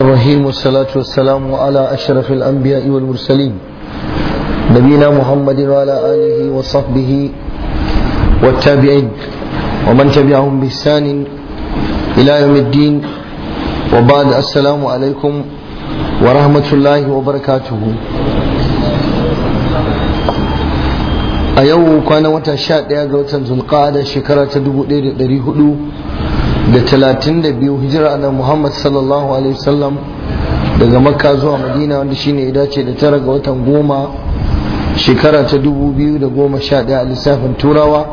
الرحيم والصلاة والسلام على أشرف الأنبياء والمرسلين نبينا محمد وعلى آله وصحبه والتابعين ومن تبعهم بإحسان إلى يوم الدين وبعد السلام عليكم ورحمة الله وبركاته أيوه كان وتشاد يا قوة ذو القعدة شكرة دبو دير دري هدو da talatin da biyu hijira na muhammad sallallahu alaihi wasallam daga makka zuwa madina wanda shine ya dace da tara ga watan goma shekara ta dubu biyu da goma sha daya a lissafin turawa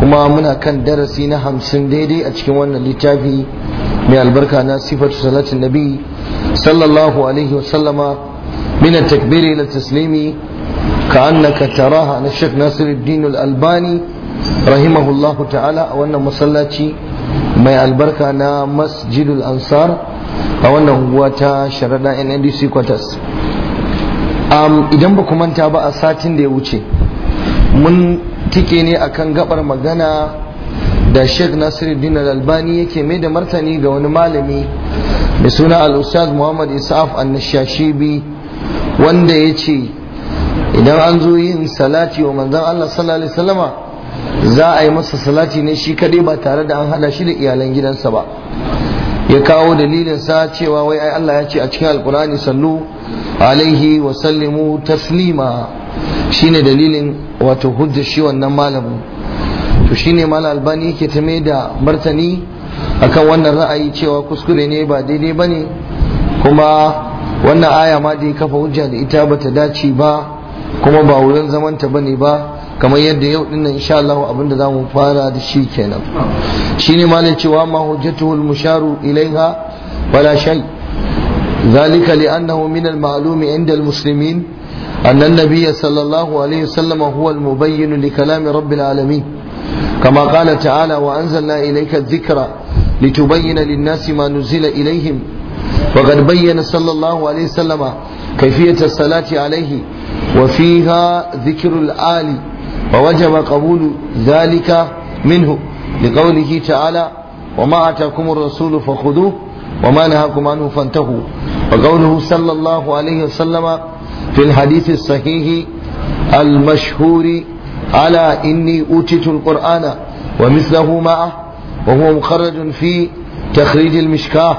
kuma muna kan darasi na hamsin daidai a cikin wannan littafi mai albarka na sifatu salatin nabi sallallahu alaihi wasallama من التكبير إلى ka كأنك تراها na shek ناصر الدين albani rahimahullahu ta'ala a wannan masallaci mai albarka na masjidul ansar a wannan unguwa ta sharaɗa nndc quarters idan ba ku manta ba a satin da ya wuce mun tike ne akan gabar magana da sheikh nasiruddin albani yake mai da martani ga wani malami mai suna al ustaz muhammad isaf annashashibi wanda ya ce idan an zo yin salati wa manzan allah sallallahu alaihi wasallama za a yi masa salati ne shi kaɗai ba tare da an hada shi da iyalan gidansa ba ya kawo dalilin sa cewa wai ai Allah ya ce a cikin alkur'ani sallu alaihi wa sallimu taslima shine dalilin wato hujja shi wannan malamin to shine malam albani yake ta mai da martani akan wannan ra'ayi cewa kuskure ne ba daidai bane kuma wannan aya ma da ya kafa hujja da ita bata dace ba kuma ba wurin zamanta bane ba kamar yadda yau din nan insha abin da zamu fara da shi kenan shine malin cewa ma hujjatul musharu ilaiha wala shay zalika li annahu min al ma'lum inda al muslimin anna nabiyya sallallahu alayhi wasallam huwa al mubayyin li kalami rabbil alamin kama qala ta'ala wa anzalna ilayka dhikra litubayyana lin nasi ma nuzila ilayhim wa qad bayyana sallallahu alayhi wasallama kayfiyat salati alaihi. wa fiha dhikrul ali فوجب قبول ذلك منه لقوله تعالى وما أتاكم الرسول فخذوه وما نهاكم عنه فانتهوا وقوله صلى الله عليه وسلم في الحديث الصحيح المشهور على إني أوتيت القرآن ومثله معه وهو مخرج في تخريج المشكاه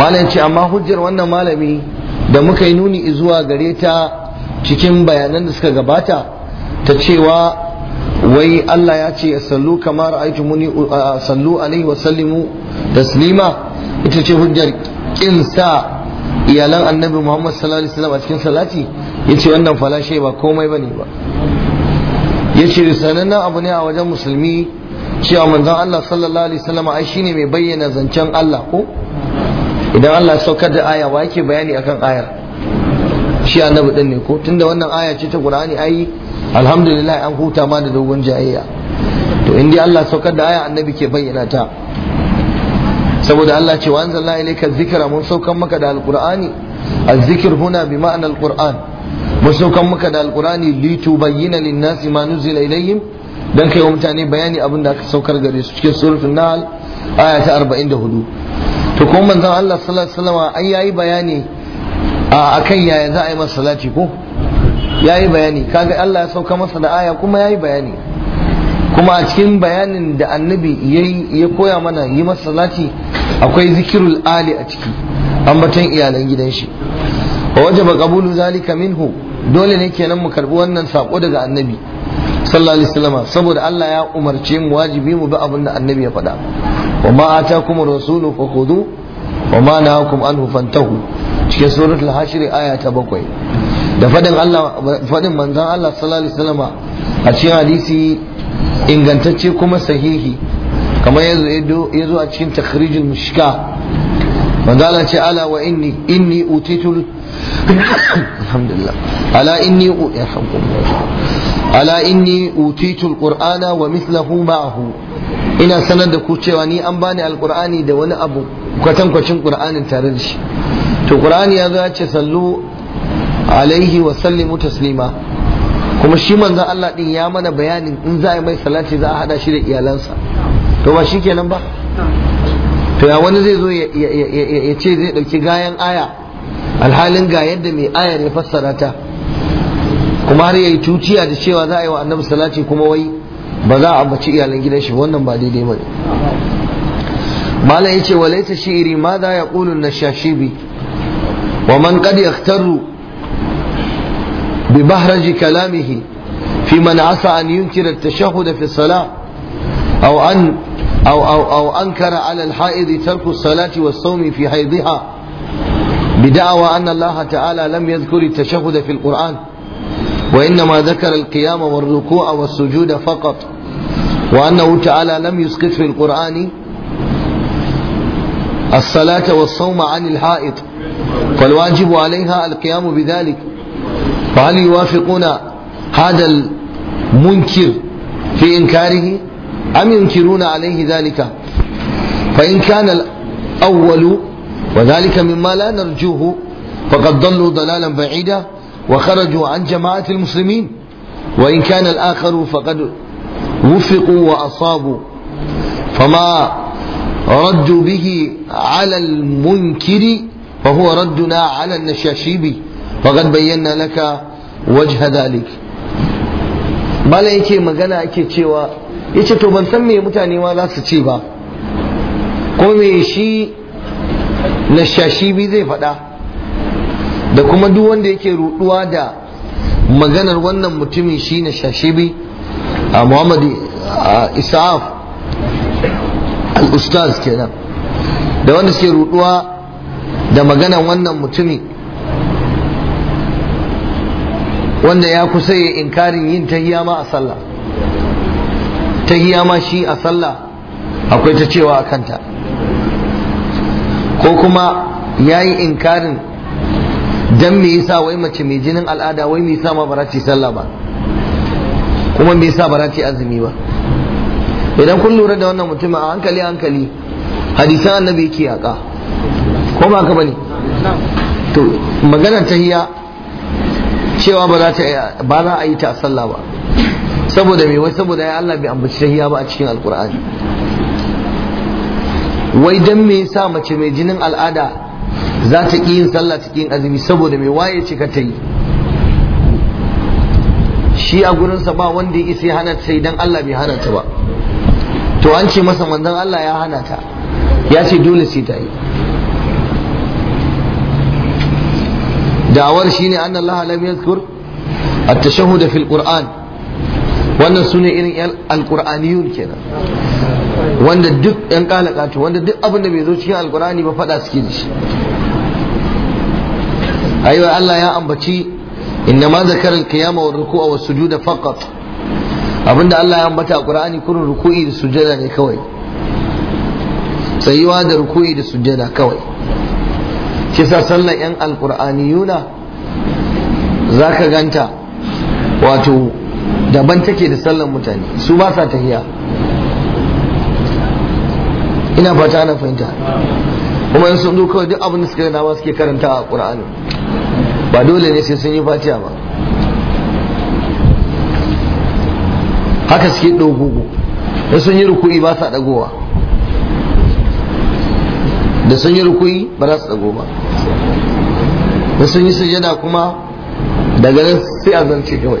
malam ce amma hujjar wannan malami da muka yi nuni zuwa gare ta cikin bayanan da suka gabata ta cewa wai Allah ya ce sallu muni a sallu alaihi wa sallimu taslima ita ce hujjar kin sa iyalan annabi Muhammad sallallahu alaihi wasallam a cikin salati Ya ce wannan falashe ba komai ba ne ba Ya ce sanannen abu ne a wajen musulmi cewa manzon Allah sallallahu alaihi wasallam ai shine mai bayyana zancen Allah ko idan Allah ya saukar da aya wa yake bayani akan ayar shi annabi din ne ko tunda wannan aya ce ta Qur'ani ayi. alhamdulillah an huta ma da dogon jayayya to indi Allah saukar da aya annabi ke bayyana ta saboda Allah ce wa anzalna ilayka dhikra mun saukan maka da alqur'ani azzikr huna bi ma'ana alqur'an mun saukan maka da alqur'ani li tubayyana lin-nasi ma nuzila ilayhim dan kai mutane bayani abin da aka saukar gare su cikin suratul nahl aya ta 44 to kuma manzon Allah sallallahu alaihi wasallam an yayi bayani akan yaya za a yi masa salati ko yayi bayani kaga Allah ya sauka masa da aya kuma yi bayani kuma a cikin bayanin da annabi ya koya mana yi masa salati akwai zikirul ali a ciki ambaton iyalan gidan shi waje ba kabulu zalika minhu dole ne kenan mu karbi wannan sako daga annabi sallallahu alaihi wasallam saboda Allah ya umarci mu wajibi mu bi abin da annabi ya faɗa wa ma atakum rasulu fakhudhu wa ma nahakum anhu fantahu cikin suratul hashri aya ta bakwai da fadin Allah fadin manzon Allah sallallahu alaihi wasallam a cikin hadisi ingantacce kuma sahihi kamar yazo yazo a cikin takhrijul mushka manzon Allah ce ala wa inni inni utitul alhamdulillah ala inni ala inni utitul qur'ana wa mithluhu ma'ahu ina sanar da ku cewa ni an bani alqur'ani da wani abu kwatankwacin qur'anin tare da shi to qur'ani ya ya ce sallu alaihi wa sallimu taslima kuma shi manzon Allah din ya mana bayanin in za a mai salati za a hada shi da iyalansa to ba shikenan ba to ya wani zai zo ya ce zai ɗauki gayan aya alhalin ga yadda mai ayar ya fassara ta kuma har yayi tuciya da cewa za a yi wa annabi salati kuma wai ba za a ambaci iyalan gidan shi wannan ba daidai ba malam yace walaita shi'iri ma za ya qulu nashashibi wa man qad yaktaru بمهرج كلامه في من عسى أن ينكر التشهد في الصلاة أو أن أو أو أو أنكر على الحائض ترك الصلاة والصوم في حيضها بدعوى أن الله تعالى لم يذكر التشهد في القرآن وإنما ذكر القيام والركوع والسجود فقط وأنه تعالى لم يسقط في القرآن الصلاة والصوم عن الحائط فالواجب عليها القيام بذلك فهل يوافقون هذا المنكر في إنكاره أم ينكرون عليه ذلك فإن كان الأول وذلك مما لا نرجوه فقد ضلوا ضلالا بعيدا وخرجوا عن جماعة المسلمين وإن كان الآخر فقد وفقوا وأصابوا فما ردوا به على المنكر فهو ردنا على النشاشيبي فقد بينا لك wajha dalik malam yake magana ake cewa yace to ban san me mutane ma za su ce ba ko me shi na shashi bi zai faɗa da kuma duk wanda yake ruɗuwa da maganar wannan mutumin shi na bi a muhammad isa'af al-ustaz kenan da wanda suke ruɗuwa da maganar wannan mutumin wanda ya kusa ya inkarin yin tahiya ma a sallah tahiya ma shi a sallah akwai ta cewa a kanta ko kuma ya yi inkarin dan me yasa wai mace mai jinin al'ada wai me yasa ma ba ci sallah ba kuma me yasa ba ci azumi ba idan kun lura da wannan mutum a hankali hankali hadisan annabi yake yaka ko ba ka bane to maganar tahiya cewa ba za ta ba za a yi ta sallah ba saboda me wai saboda ya Allah bai ambaci tahiya ba a cikin alkur'ani wai dan me yasa mace mai jinin al'ada za ta ki yin sallah cikin azumi saboda me waye ce ka ta yi shi a gurinsa ba wanda ya isa ya hana ta idan Allah bai hana ta ba to an ce masa manzon Allah ya hana ta ya ce dole sai ta yi da'awar shine ne Allah lam yadhkur at-tashahhud fil Qur'an wannan sune irin al-Qur'aniyun kenan wanda duk yan kalakatu wanda duk abin da bai zo cikin al alkurani ba fada suke da shi aiwa Allah ya ambaci inna ma zakara al-qiyama wa ruku'a wa sujuda faqat abinda Allah ya ambata a Qur'ani kurin ruku'i da sujada ne kawai tsayuwa da ruku'i da sujada kawai shi sa sallar yan yuna za ka ganta wato daban take da sallar mutane su ba sa tahiya ina fata ana fahimta kuma yin sun zo kawai duk abin da suka suke karanta a ƙur'anin ba dole ne sai sun yi fatiya ba haka suke ɗogogo da sun yi ruku'i ba sa ɗagowa da sun yi rukuyi ba za su tsago ba da sun yi sujada kuma daga nan sai a zance kawai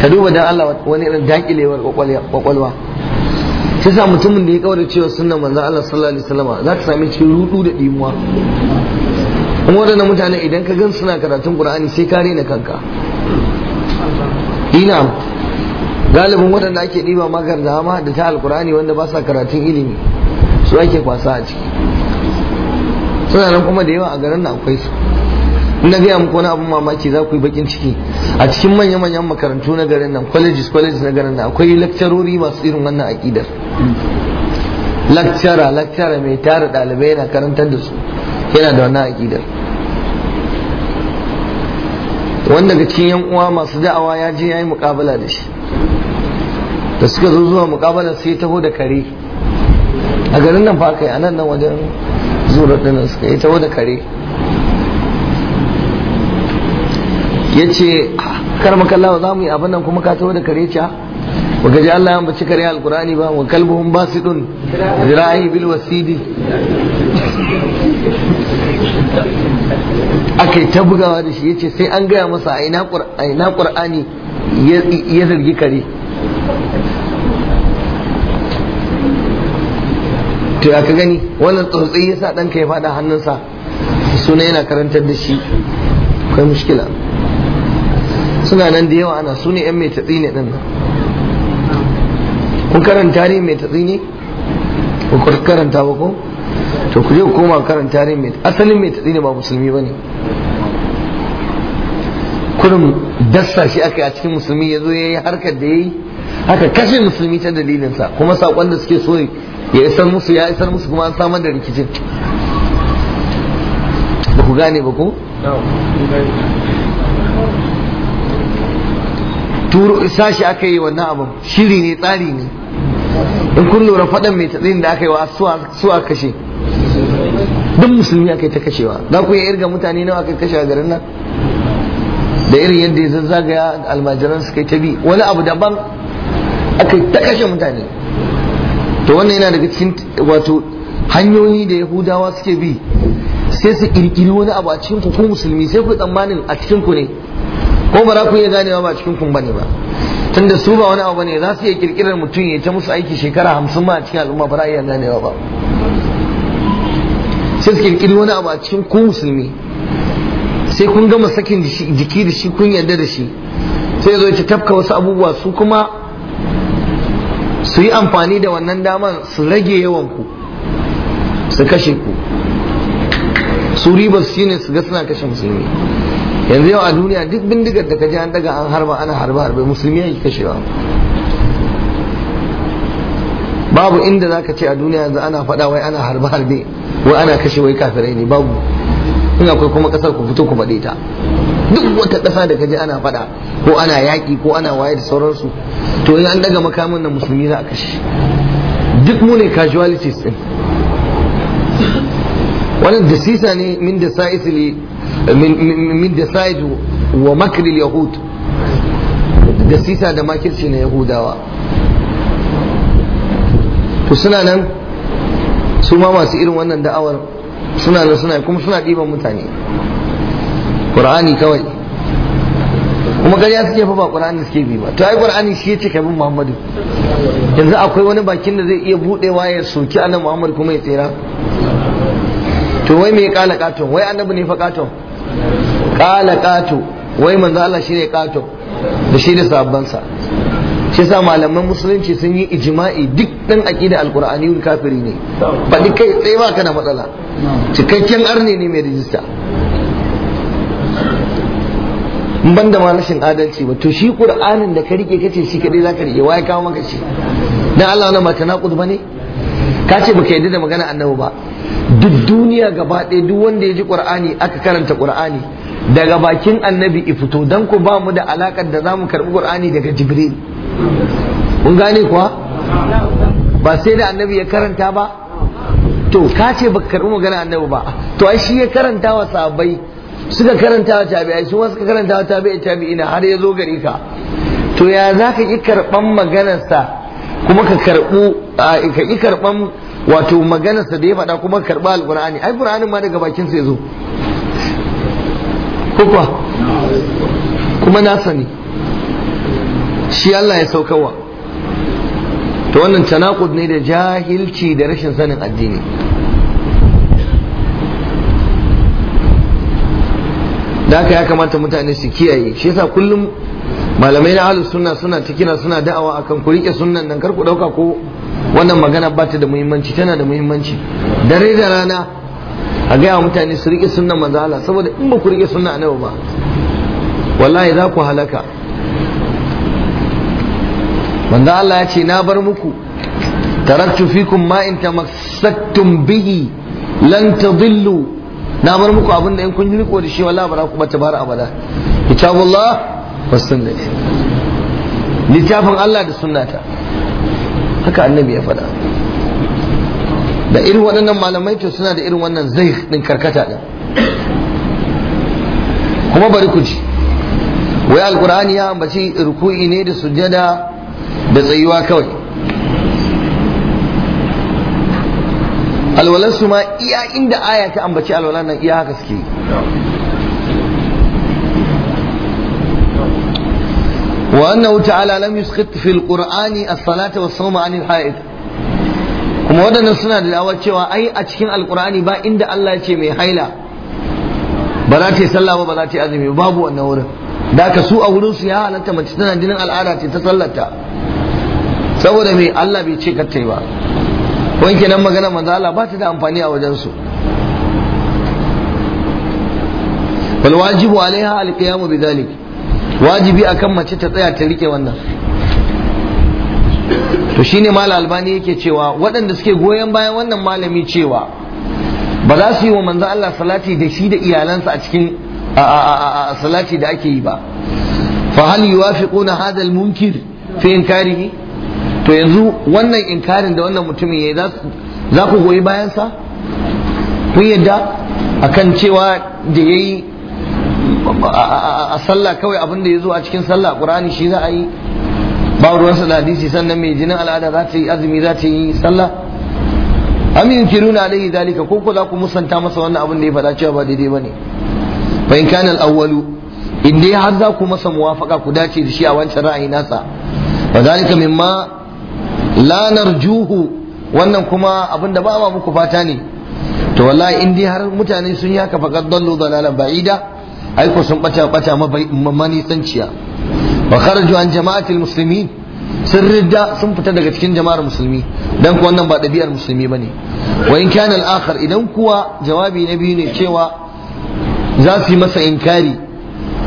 ka duba dan Allah wani irin dakilewar kwakwalwa shi sa mutumin da ya kawar cewa sunan manzon Allah sallallahu alaihi wasallam za ka sami cikin rudu da dimuwa kuma waɗannan mutane idan ka gan suna karatun Qur'ani sai ka rena kanka ina galibin wadanda ake ɗiba makar da hama da ta alkurani wanda ba sa karatun ilimi su ake kwasa a ciki suna nan kuma da yawa a garin nan akwai su na gaya muku wani abin mamaki za ku yi bakin ciki a cikin manya-manyan makarantu na garin nan colleges colleges na garin nan akwai lakcarori masu irin wannan aƙidar lakcara lakcara mai tara ɗalibai yana karantar da su yana da wannan aƙidar wanda ga cikin yan uwa masu da'awa ya je ya yi mukabala da shi da suka zo zuwa mukabalar sai taho da kare a garin nan fakai kai a nan nan wajen zuwa dinnan suka yi taho da kare ya ce kar za mu yi abin nan kuma ka taho da kare ca baka ji Allah ya ambaci kare alkurani ba wa su dun zira'i bil wasidi akai ta bugawa da shi yace sai an gaya masa a ina qur'ani ya zargi kare to ya ka gani wannan tsotsi ya sa ɗanka ya faɗa hannunsa suna yana karantar da shi akwai mushkila suna nan da yawa ana su ne 'yan mai tatsi ne ɗin kun karanta ne mai tatsi ne ku karanta ba ko to ku je ku koma karanta ne mai asalin mai tatsi ne ba musulmi ba ne kurin dasa shi aka yi a cikin musulmi ya zo ya yi harkar da ya yi haka kashe musulmi ta dalilinsa kuma saƙon da suke so ya isar musu ya isar musu kuma an samar da rikicin ba ku gane ba turu turo shi aka yi wannan abin shiri ne tsari ne in kun lura faɗan mai tatsin da aka yi wa su a kashe duk musulmi aka yi ta kashewa za ku iya irga mutane nawa aka kashe a garin nan da irin yadda ya zazzagaya almajiran suka yi ta bi wani abu daban aka yi ta kashe mutane to wannan yana daga cikin wato hanyoyi da yahudawa suke bi sai su kirkiri wani abu a cikin ku ko musulmi sai ku tsammanin a cikin ku ne ko ba za ku iya ganewa ba a cikin ku bane ba tunda su ba wani abu bane za su iya kirkirar mutum ya ta musu aiki shekara hamsin ma a cikin al'umma ba za a iya ganewa ba sai su kirkiri wani abu a cikin ku musulmi sai kun gama sakin jiki da shi kun yarda da shi sai zo ya tafka wasu abubuwa su kuma su yi amfani da wannan daman su rage yawan ku su kashe ku su ribar su shine su ga suna kashe musulmi yanzu yau a duniya duk bindigar da kaji an daga an harba ana harba harba musulmi yi kashewa babu inda za ka ce a duniya yanzu ana faɗa wai ana harba harbe wai ana kashe wai kafirai ne babu in akwai kuma ƙasar ku fito ku faɗe ta duk wata dafa da kaji ana faɗa ko ana yaki, ko ana waye da sauransu to in an daga makamin nan musulmi za a kashe duk mu ne casualties din wannan dasisa ne min da min da sa'idu wa makril yahud dasisa da makirci na yahudawa to suna nan su ma masu irin wannan da'awar suna nan suna kuma suna ɗiban mutane qur'ani kawai kuma ya suke fa ba qur'ani suke bi ba to ai qur'ani shi yace bin muhammadu yanzu akwai wani bakin da zai iya buɗewa ya soki Annan muhammad kuma ya tsira to wai mai kala katon wai annabi ne fa katon kala kato wai manzo Allah shi ne kato da shi da sahabbansa shi sa malaman musulunci sun yi ijima'i duk dan aqida wani kafiri ne ba ni kai tsaye ba kana matsala cikakken arne ne mai rijista banda da ma rashin adalci ba to shi qur'anin da ka rike kace shi kadai zaka rike wai kawo maka shi dan Allah na mata naqud bane ka ce baka yadda da magana annabi ba duk duniya gaba ɗaya duk wanda ya ji qur'ani aka karanta qur'ani daga bakin annabi ifito dan ku ba mu da alakar da zamu karbi qur'ani daga jibril kun gane kuwa ba sai da annabi ya karanta ba to ka ce baka karbi magana annabi ba to ai shi ya karanta wa sahabbai suka karanta wa tabi'ai su suka karanta wa tabi'ai na har ya zo gari ka to ya za ka ƙi karɓan maganarsa kuma ka karɓu ka ƙi karɓan wato maganarsa da ya faɗa kuma ka karɓa alƙur'ani ai ƙur'anin ma daga bakin sai ya zo kuka kuma na sani shi Allah ya saukawa to wannan tanaqud ne da jahilci da rashin sanin addini da haka ya kamata mutane su kiyaye shi yasa kullum malamai na ahlus sunna suna ta kira suna da'awa akan ku rike sunnan nan kar ku dauka ko wannan magana ba ta da muhimmanci tana da muhimmanci dare da rana a gaya mutane su rike sunnan manzo saboda in ba ku rike sunna nawa ba wallahi za ku halaka manzo Allah ya ce na bar muku taraktu fikum ma in tamassaktum bihi lan tadillu na bar muku abin da in kun yi riko da shi wallahi ba za ku bata bara abada kitabullah wa littafin Allah da sunnata haka annabi ya faɗa da irin waɗannan malamai to suna da irin wannan zai din karkata din kuma bari ku ji wai alkur'ani ya ambaci ruku'i ne da sujada da tsayuwa kawai alwalar su ma iya inda aya ta ambaci alwalar nan iya haka suke wa annahu ta'ala lam yusqit fil qur'ani as-salata was-sawma 'anil haid kuma wadannan suna da dawa cewa ai a cikin alkur'ani ba inda Allah ya ce mai haila ba za ta yi sallah ba ba za ta yi azumi babu wannan wurin da ka su a wurin su ya halatta mace tana jinin al'ada ce ta sallata saboda me Allah bai ce kar ta yi ba Wanke nan magana manzala ba ta da amfani a wajen su wal wajibu alaiha alqiyamu bidhalik wajibi akan mace ta tsaya ta rike wannan to shine malal albani yake cewa waɗanda suke goyon bayan wannan malami cewa ba za su yi wa manzo Allah salati da shi da iyalansa a cikin salati da ake yi ba fa hal yuwafiquna hadha al munkir fi inkarihi to yanzu wannan inkarin da wannan mutumin ya yi za ku goyi bayansa kun yadda kan cewa da ya yi a sallah kawai abin da ya zo a cikin sallah ƙur'ani shi za a yi ba ruwan da hadisi sannan mai jinin al'ada za ta yi azumi za ta yi sallah amin na alaihi dalika ko ko za ku musanta masa wannan abin da ya faɗa cewa ba daidai bane fa in kana al-awwalu in dai har za ku masa muwafaqa ku dace da shi a wancan ra'ayi nasa wa dalika mimma lanar juhu wannan kuma abinda ba ma muku fata ne to wallahi in dai har mutane sun yaka faqad dallu dalalan ba'ida ai ko sun bata bata manisanciya wa kharaju an jama'atil muslimin sun ridda sun fita daga cikin jama'ar musulmi dan ku wannan ba dabi'ar musulmi bane wa in kana al-akhar idan kuwa jawabi na biyu ne cewa za su yi masa inkari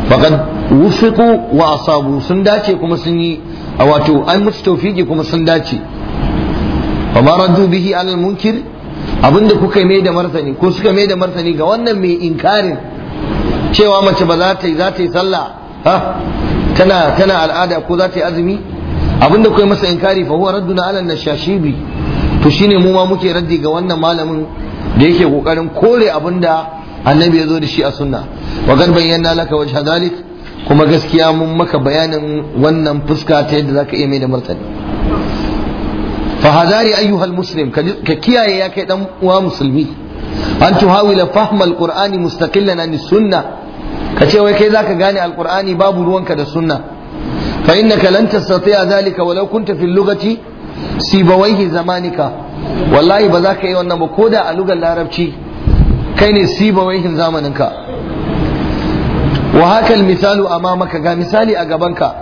faqad wufiqu wa asabu sun dace kuma sun yi a wato an musu taufiki kuma sun dace fa maraddu bihi alal munkir abinda kuka mai da martani ko suka mai da martani ga wannan mai inkarin cewa mace ba za ta yi za ta yi sallah tana tana al'ada ko za ta yi azumi abinda kuka masa inkari fa huwa radduna alal nashashibi to shine mu ma muke raddi ga wannan malamin da yake kokarin kore abinda annabi ya zo da shi a sunna wa garban yanna laka wajha dhalik kuma gaskiya mun maka bayanin wannan fuska ta yadda zaka iya mai da martani fa hadari ayyuhal muslim ka kiyaye ya kai dan uwa musulmi an tuhawila fahmal qur'ani mustaqillan an sunna ka ce wai kai zaka gane alqur'ani babu ruwanka da sunna fa innaka lan tastati'a zalika walau kunta fil lughati sibawaihi zamanika wallahi ba za ka yi wannan ba ko da a lugar larabci kai ne zamanin zamaninka wa haka misalu amamaka ga misali a gabanka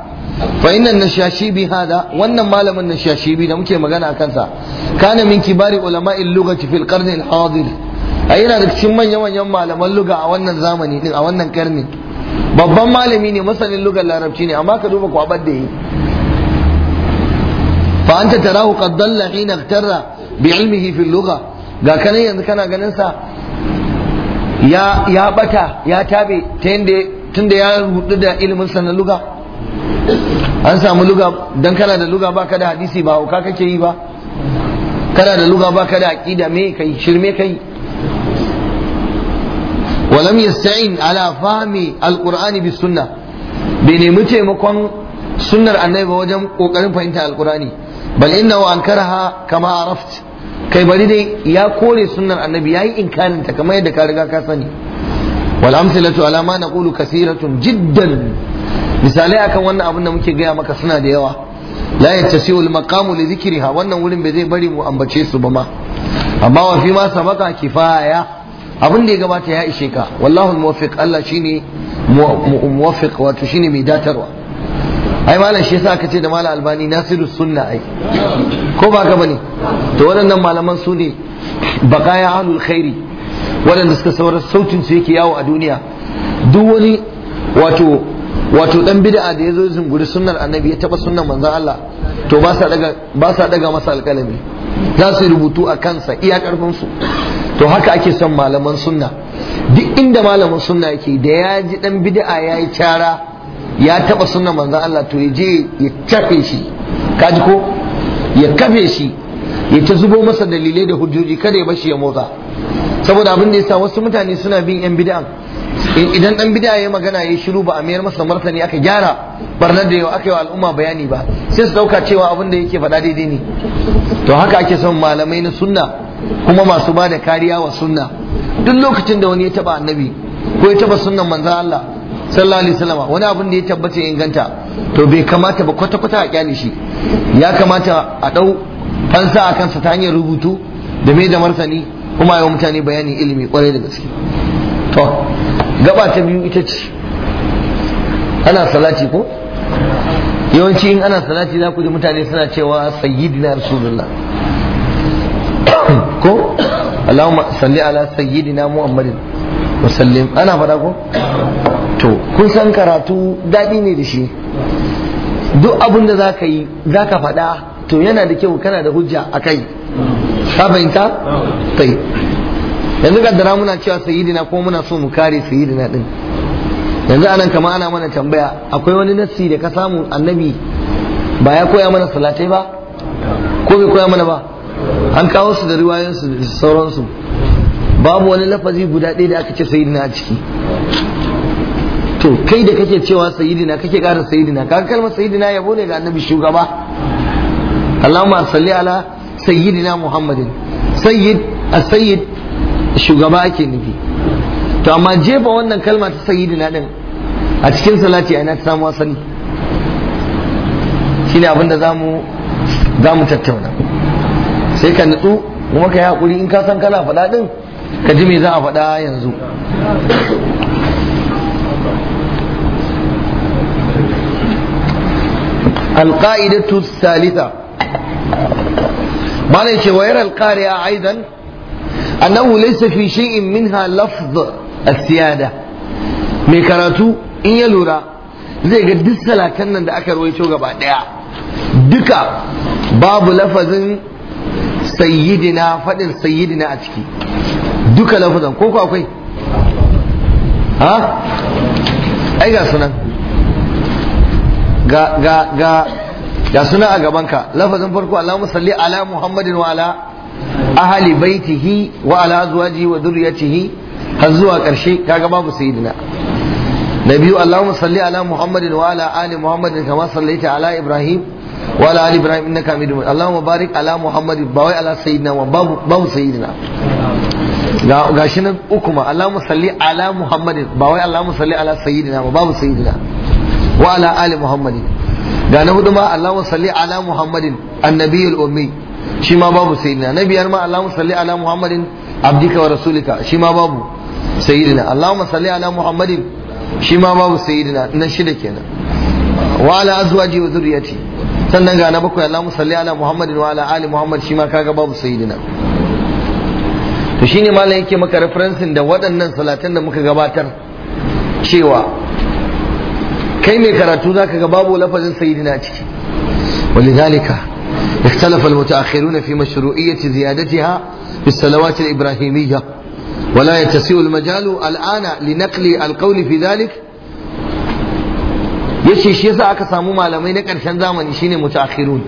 fa innan nashashibi hada wannan malamin nashashibi da muke magana a kansa kana min kibari ulama'il lughati fil qarn al hadir a yana da cikin manyan manyan malaman luga a wannan zamani din a wannan karni babban malami ne masanin lugar larabci ne amma ka duba kwabar da yi fa anta tarahu qad dalla hina ightarra bi ilmihi fil lugha ga kana yanzu kana ganin sa ya ya bata ya tabe ta yanda tun da ya rudu da ilimin sa na luga an samu luga dan kana da luga ka da hadisi ba hauka kake yi ba kana da luga ka da aqida me kai shirme kai walam yasta'in ala fahmi alqur'ani bis sunnah bai nemi taimakon sunnar annabi ba wajen kokarin fahimta alqur'ani bal inna wa ankaraha kama arafti. kai bari dai ya kore sunnar annabi yayi inkarin ta kamar yadda ka riga ka sani wal على ما نقول naqulu جدا jiddan misalai akan wannan abun da muke gaya maka suna da yawa la yattasiu al maqamu li dhikriha wannan wurin bai zai bari mu ambace su ba ma amma wa fi ma sabaka kifaya abin da ya gabata ya ishe ka wallahu al muwaffiq Allah shine muwaffiq to shine mai datarwa ai malam shi yasa aka ce da malam albani nasiru sunna ai ko ba ka bane to waɗannan malaman su ne baqaya ahlul khairi waɗanda suka saura sautin su yake yawo a duniya duk wani wato wato dan bid'a da yazo zunguri sunnar annabi ya taba sunnar manzon Allah to ba sa daga ba sa daga masa alƙalami za su rubutu a kansa iya karfin su to haka ake son malaman sunna duk inda malamin sunna yake da ya ji dan bid'a yayi cara ya taba sunnar manzon Allah to ya je ya tafe shi kaji ko ya kafe shi ya ta zubo masa dalilai da hujjoji kada ya shi ya motsa saboda abin da yasa wasu mutane suna bin yan bid'a idan dan bid'a ya magana yayi shiru ba a mayar masa martani aka gyara barnar da yau aka yi wa al'umma bayani ba sai su dauka cewa abin da yake faɗa daidai ne to haka ake son malamai na sunna kuma masu ba da kariya wa sunna duk lokacin da wani ya taba annabi ko ya taba sunnan manzon Allah sallallahu alaihi wasallam wani abin da ya tabbata inganta to bai kamata ba kwata kwata a kyale shi ya kamata a dau fansa a kansa ta hanyar rubutu da mai da martani kuma yawan mutane bayanin ilimi kwarai da gaske to gaba ta biyu ita ce ana salati ko yawanci in ana salati za ku ji mutane suna cewa sayyidina rasulullah ko Allahumma salli ala sayyidina muhammadin musallim ana fada ko to kun san karatu daɗi ne da shi duk abin da za ka yi za ka faɗa to yana da kyau kana da hujja a kai ka fahimta tai yanzu dara muna cewa sayidina ko muna so mu kare sayidina din yanzu anan kama ana mana tambaya akwai wani nassi da ka samu annabi ba ya koya mana salatai ba ko bai koya mana ba an kawo su da riwayoyinsu da sauransu babu wani lafazi guda ɗaya da aka ce sayidina a ciki to kai da kake cewa sayidina kake ƙara sayidina ka kalmar sayidina yabo ne ga annabi shugaba Allahumma salli ala sayyidina muhammadin sayyid as-sayyid shugaba ake nufi to amma jefa wannan kalma ta sayyidina din a cikin salati ina ta samu asali shine abin da za mu tattauna sai ka nutsu kuma ka yi hakuri in ka san faɗa din ka ji me za a faɗa yanzu القاعدة Salisa. ما ليش ويرى القارئ أيضا أنه ليس في شيء منها لفظ siyada. mai karatu in ya lura zai ga duk salatan nan da aka rawaito gaba daya duka babu lafazin sayyidina faɗin sayyidina a ciki duka lafazan ko akwai ha ai ga sunan ga ga ga da suna a gabanka lafazin farko Allahumma salli ala Muhammadin wa ala ahli baitihi wa ala azwaji wa dhurriyyatihi har zuwa karshe kaga babu sayyidina na biyu Allahumma salli ala Muhammadin wa ala ali Muhammadin kama sallaita ala Ibrahim wa ala ali Ibrahim innaka Hamidum Majid Allahumma barik ala Muhammadin ba wai ala sayyidina wa babu babu sayyidina ga shi nan uku ma Allahumma salli ala Muhammadin ba wai Allahumma salli ala sayyidina wa babu sayyidina wa ala ali Muhammadin ga na hudu ma Allahumma salli ala Muhammadin annabiyul ummi shi ma babu sayyidina na biyar ma Allahumma salli ala Muhammadin abdika wa rasulika shi ma babu sayyidina Allahumma salli ala Muhammadin shi ma babu sayyidina na shida kenan wa ala azwaji wa zurriyati sannan ga na bakwai Allahumma salli ala Muhammadin wa ala ali Muhammad shi ma kaga babu sayyidina to shine malam yake maka referencing da waɗannan salatan da muka gabatar cewa kai mai karatu zaka ga babu lafazin sayyidina a ciki ولذلك اختلف المتأخرون في مشروعية زيادتها في الصلوات majalu ولا يتسع li الآن لنقل القول في ذلك yace shi yasa aka samu malamai na ƙarshen zamani shine mutaakhirun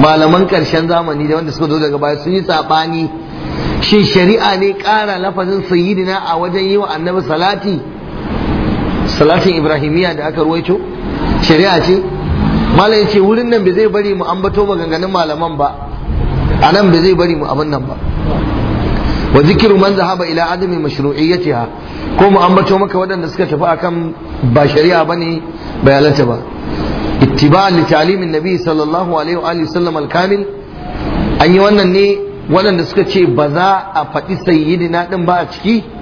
malaman ƙarshen zamani da wanda suka zo daga baya sun yi sabani shin shari'a ne kara lafazin sayyidina a wajen yi wa annabi salati salafin ibrahimiyya da aka ruwaito shari'a ce malam ya ce wurin nan bai zai bari mu ambato maganganun malaman ba a nan bai zai bari mu abin nan ba wa zikiru man zahaba ila adami mashru'iyyatiha ko mu ambato maka waɗanda suka tafi akan ba shari'a bane bai halatta ba ittiba li ta'limin nabi sallallahu alaihi wa alihi sallam al-kamil an yi wannan ne waɗanda suka ce ba za a faɗi sayyidina din ba a ciki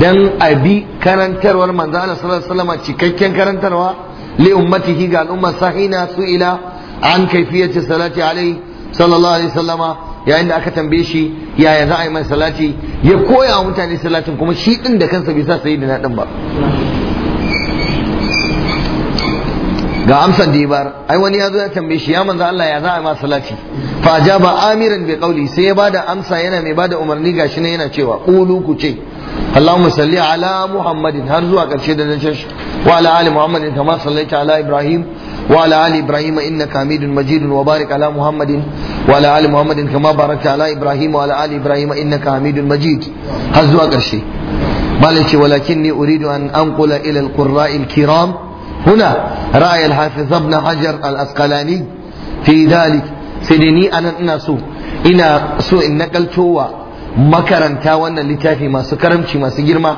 dan abi karantarwar manzo Allah sallallahu alaihi wasallam cikakken karantarwa li ummatihi ga al'umma sahina su ila an kaifiyati salati alaihi sallallahu alaihi wasallama yayin da aka tambaye shi yaya za a yi mai salati ya koya wa mutane salatin kuma shi din da kansa bai sa sayyidina din ba ga amsan da bar ai wani ya zo ya tambaye shi ya manzo Allah ya za a ma salati fa ajaba amiran bi qauli sai ya bada amsa yana mai bada umarni gashi ne yana cewa qulu ku ce اللهم صل على محمد har zuwa karshe da nan shi wa ala ali muhammadin kama sallaita ala ibrahim wa ala ali ibrahim innaka hamidun majidun wa barik ala muhammadin wa muhammadin kama barakta ala ibrahim wa ala ali ibrahim innaka hamidun majid har zuwa karshe malam ce walakinni uridu an anqula ila alqurra'i alkiram huna ra'ay alhafiz ibn hajar al askalani fi dhalik sai ni anan ina so ina so in makaranta wannan littafi masu karamci masu girma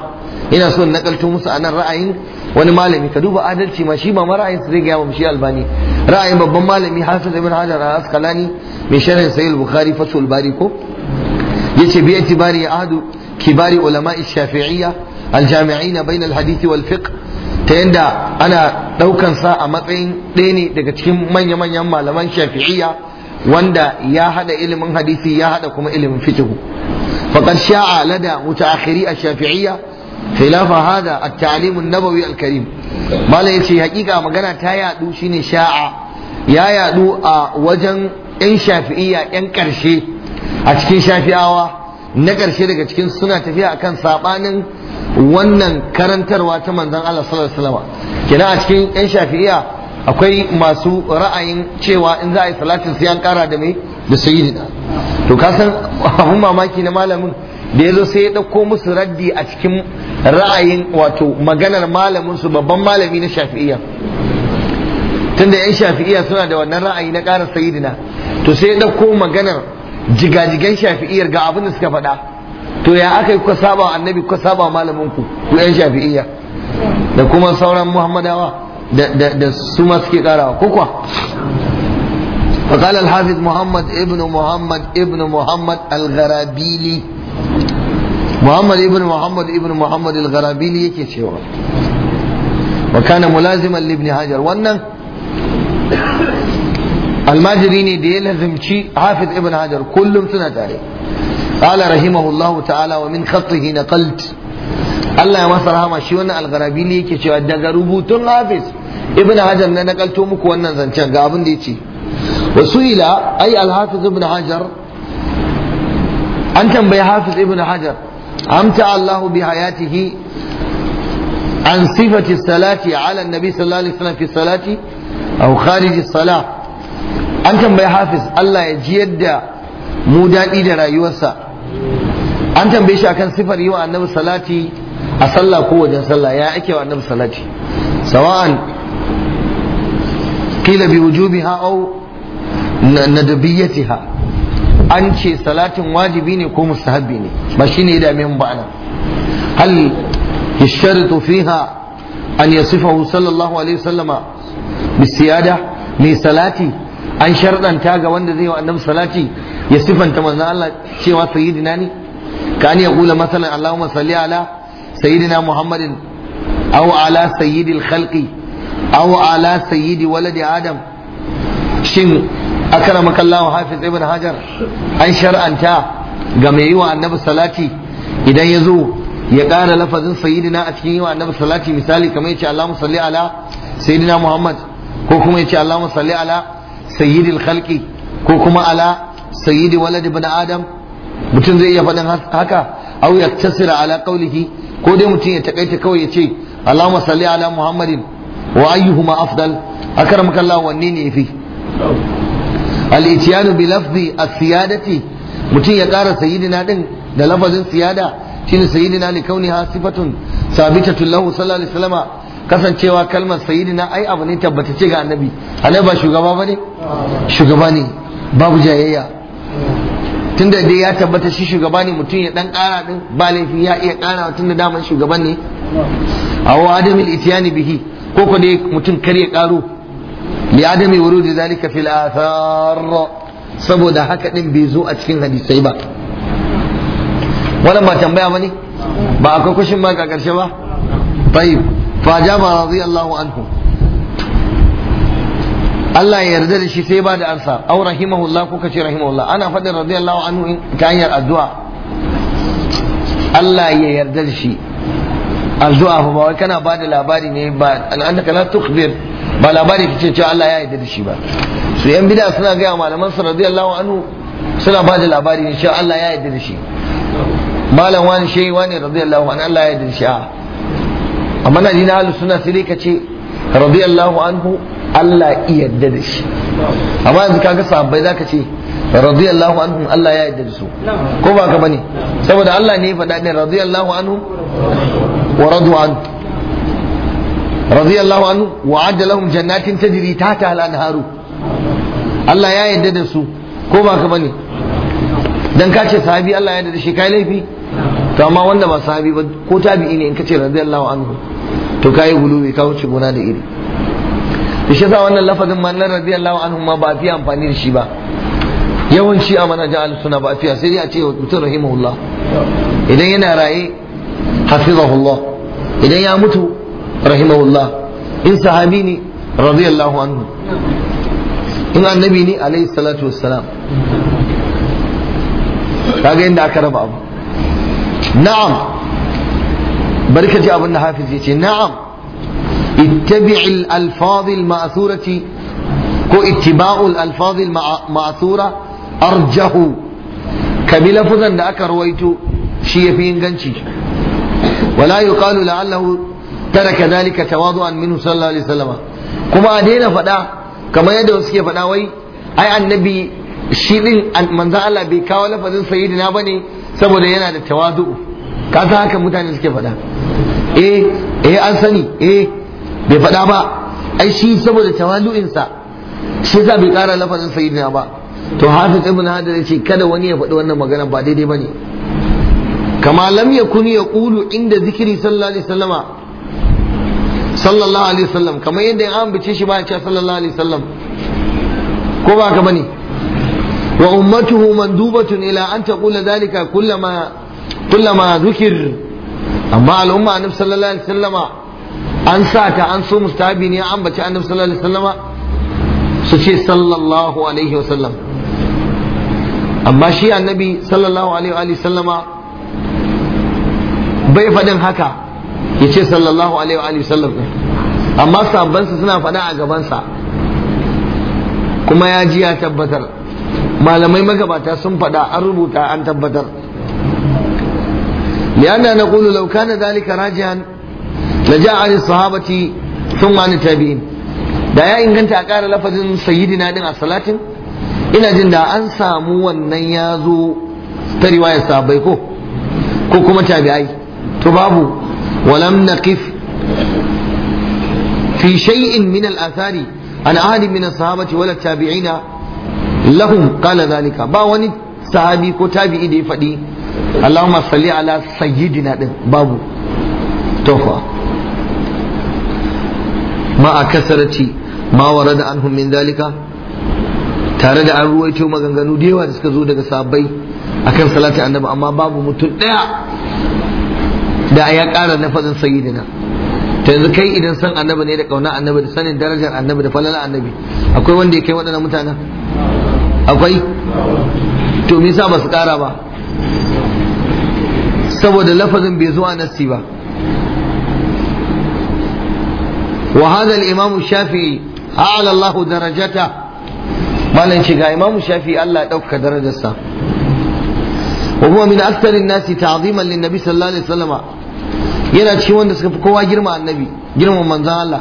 ina so na kalto musu anan ra'ayin wani malami ka duba adalci ma shi ba ma ra'ayin su zai gaya albani ra'ayin babban malami Hasan ibn Hajar al-Asqalani mai sharhin Sahih al-Bukhari fatul bari ko yace bi itibari ahadu kibari ulama'i shafi'iyya al-jami'in bayna al-hadith wal-fiqh ta yanda ana daukan sa a matsayin ɗaya ne daga cikin manya-manyan malaman shafi'iyya wanda ya hada ilimin hadisi ya hada kuma ilimin fiqh faqad sha'a lada mutaakhiri ash-shafi'iyya khilafa hada at-ta'lim an-nabawi al-karim malai yace hakika magana ta yadu shine sha'a ya yadu a wajen yan shafi'iyya yan karshe a cikin shafi'awa na karshe daga cikin suna tafiya akan sabanin wannan karantarwa ta manzon Allah sallallahu alaihi wasallam kenan a cikin yan shafi'iyya akwai masu ra'ayin cewa in za a yi salatin sai an kara da mai da sayyidina to ka san abun mamaki na malamin da ya zo sai ya ɗauko musu raddi a cikin ra'ayin wato maganar malamin su babban malami na shafi'iyya tunda yan shafi'iyya suna da wannan ra'ayi na ƙara sayidina to sai ya ɗauko maganar jigajigan shafi'iyyar ga abin da suka faɗa to ya aka yi kuka saba annabi kuka saba malamin ku ku yan shafi'iyya da kuma sauran muhammadawa da su ma suke karawa ko kuwa الحافظ محمد ابن محمد ابن محمد الغرابيلي محمد ابن محمد ابن محمد الغرابيلي yake cewa وكان ملازما لابن hajar wannan almajiri ne da ya lazimci hafiz ibn hajar kullum suna tare قال رحمه الله تعالى ومن خطه نقلت Allah ya masa rahama shi wannan algarabili yake cewa daga rubutun hafiz ibn hajar na nakalto muku wannan zancen ga abin da ce. Wasu ila ai al-hafiz ibn hajar an tambayi hafiz ibn hajar amta Allahu bi hayatihi an sifati salati ala nabi sallallahu alaihi wasallam fi salati aw kharij as-salah an tambayi hafiz Allah ya ji yadda mu daɗi da rayuwarsa an tambaye shi akan sifar yi wa annabi salati a sallah ko wajen sallah ya ake wa annabi salati sawa'an qila bi wujubiha aw nadabiyatiha an ce salatin wajibi ne ko mustahabbi ne ba shine ya dame ba anan hal yashtaritu fiha an yasifahu sallallahu alaihi wasallama bisiyada mai salati an sharɗanta ga wanda zai wa annabi salati ya sifanta manzon Allah cewa sayyidina ne ka an ya masalan Allahumma salli ala sayyidina Muhammadin aw ala sayyidil khalqi aw ala sayyidi waladi adam shin akramakallahu hafiz ibn hajar an shar'anta ga mai yi wa annabi salati idan ya zo ya ƙara lafazin sayyidina a cikin yi wa annabi salati misali kamar ce, Allahumma salli ala sayyidina Muhammad ko kuma ya ce, Allahumma salli ala sayyidil khalqi ko kuma ala sayyidi walad ibn adam mutum zai iya faɗin haka aw yaktasira ala qawlihi ko dai mutum ya takaita kawai ya ce, Allahumma salli ala Muhammadin wa ayyuhuma afdal akramaka Allah wanne ne yafi al-ityanu bi lafzi as-siyadati mutum ya ƙara sayyidina din da lafazin siyada shine sayyidina li kauniha sifatun sabitatun lahu sallallahu alaihi wasallama kasancewa kalmar sayyidina ai abu ne tabbatace ga annabi annabi ba shugaba bane shugaba ne babu jayayya tunda dai ya tabbata shi shugaba ne mutum ya dan kara din ba laifi ya iya kara tunda da daman shugaban ne aw adamil itiyani bihi ko ku ne mutum kar ya karo li adami wurudi zalika fil athar saboda haka din bai zo a cikin hadisai ba wannan ba tambaya bane ba akwai kushin ma ka karshe ba tayyib fa jaba radiyallahu anhu Allah ya yarda da shi sai ba da ansa au rahimahullah kuka ce rahimahullah ana faɗin radiyallahu anhu ta hanyar addu'a Allah ya yarda da shi Al-zuwa fa ba wai kana ba da labari ne ba annaka la tukhbir ba labari kace cewa Allah ya yarda da shi ba su yan bid'a suna ga malaman su radiyallahu anhu suna da labari ne cewa Allah ya yarda da shi malam wani shehi wani radiyallahu anhu Allah ya yarda da shi amma na dina ahlus sunna sai kace radiyallahu anhu Allah ya yarda da shi amma yanzu kaga sahabbai zaka ce radiyallahu anhu Allah ya yarda da su ko ba ka bane saboda Allah ne ya faɗa ne radiyallahu anhu. ورضوا عنه رضي الله عنه وعد لهم جنات تجري تحتها الانهار Allah ya yarda da su ko ba ka bane dan ka ce sahabi Allah ya yarda da shi kai laifi to amma wanda ba sahabi ba ko tabi'i ne in kace ce radiyallahu anhu to kai gulubi ka wuce gona da iri da shi sa wannan lafazin ma na radiyallahu anhu ma ba a fi amfani da shi ba yawanci a mana Al-sunna ba a fiya sai dai a ce mutum rahimahullah idan yana raye hafizahullah idan ya mutu rahimahullah in sahabi ne radiyallahu anhu in annabi ne alayhi salatu wassalam kaga yadda aka raba abu na'am bari ka ji abin da hafiz ya ce na'am ittabi'il alfadhil ma'asurati ko ittiba'ul alfadhil ma'asura arjahu kabila bi da aka rawaito shi yafi inganci wala يقال لعله taraka ذلك تواضعا منه sallallahu alaihi عليه kuma a daina faɗa kamar yadda wasu ke faɗa wai النبي annabi shi din manzon Allah bai kawo lafazin سيدنا بني saboda yana da tawadu. ka haka mutane suke faɗa eh eh an sani eh bai faɗa ba ai shi saboda tawadu'insa shi za bai ƙara lafazin sayyidina ba to hafiz ibn hadar ya ce kada wani ya faɗi wannan magana ba daidai bane kama lam yakun yaqulu inda zikri sallallahu alaihi wasallama sallallahu kamar yadda ya ambace shi bayan cewa sallallahu alaihi wasallam ko ba ka bane wa ummatuhu mandubatun ila an taqula dhalika kullama kullama zukir amma al'umma annabi sallallahu alaihi wasallama an sa ta an so mustahabi ne an ambace annabi sallallahu alaihi wasallama su ce sallallahu alaihi wasallam amma shi annabi sallallahu alaihi wasallama bai faɗin haka ya ce sallallahu alaihi amma suna faɗa a gabansa kuma ya ji ya tabbatar malamai magabata sun faɗa an rubuta an tabbatar lianna naqulu law kana dhalika rajihan la ja'a li sahabati sun wani tabi'in da ya inganta a ƙara lafazin sayyidina din a salatin ina jin da an samu wannan ya zo ta riwayar sahabbai ko ko kuma tabi'ai to babu walam naqif fi shay'in min al-athari an ahli min as-sahabati wala tabi'ina lahum qala zalika ba wani sahabi ko tabi'i da ya faɗi Allahumma salli ala sayyidina din babu tofa ma a kasarci ma warada anhum min zalika tare da an ruwaito maganganu da yawa da suka zo daga sahabbai akan salati annabi amma babu mutum daya da ya ƙara lafazin sayyidina ta yanzu kai idan san annabi ne da kauna annabi da sanin darajar annabi da falala annabi akwai wanda ya kai waɗannan mutanen akwai to nisa ba su ƙara ba saboda lafazin bai zuwa nassi ba wa hada al-imam shafi'i a'la Allah darajata malan shiga imam shafi'i Allah ya dauka darajarsa wa huwa min akthar an-nasi ta'ziman lin-nabi sallallahu alaihi wasallam yana cikin wanda suka fi kowa girma annabi girman manzan Allah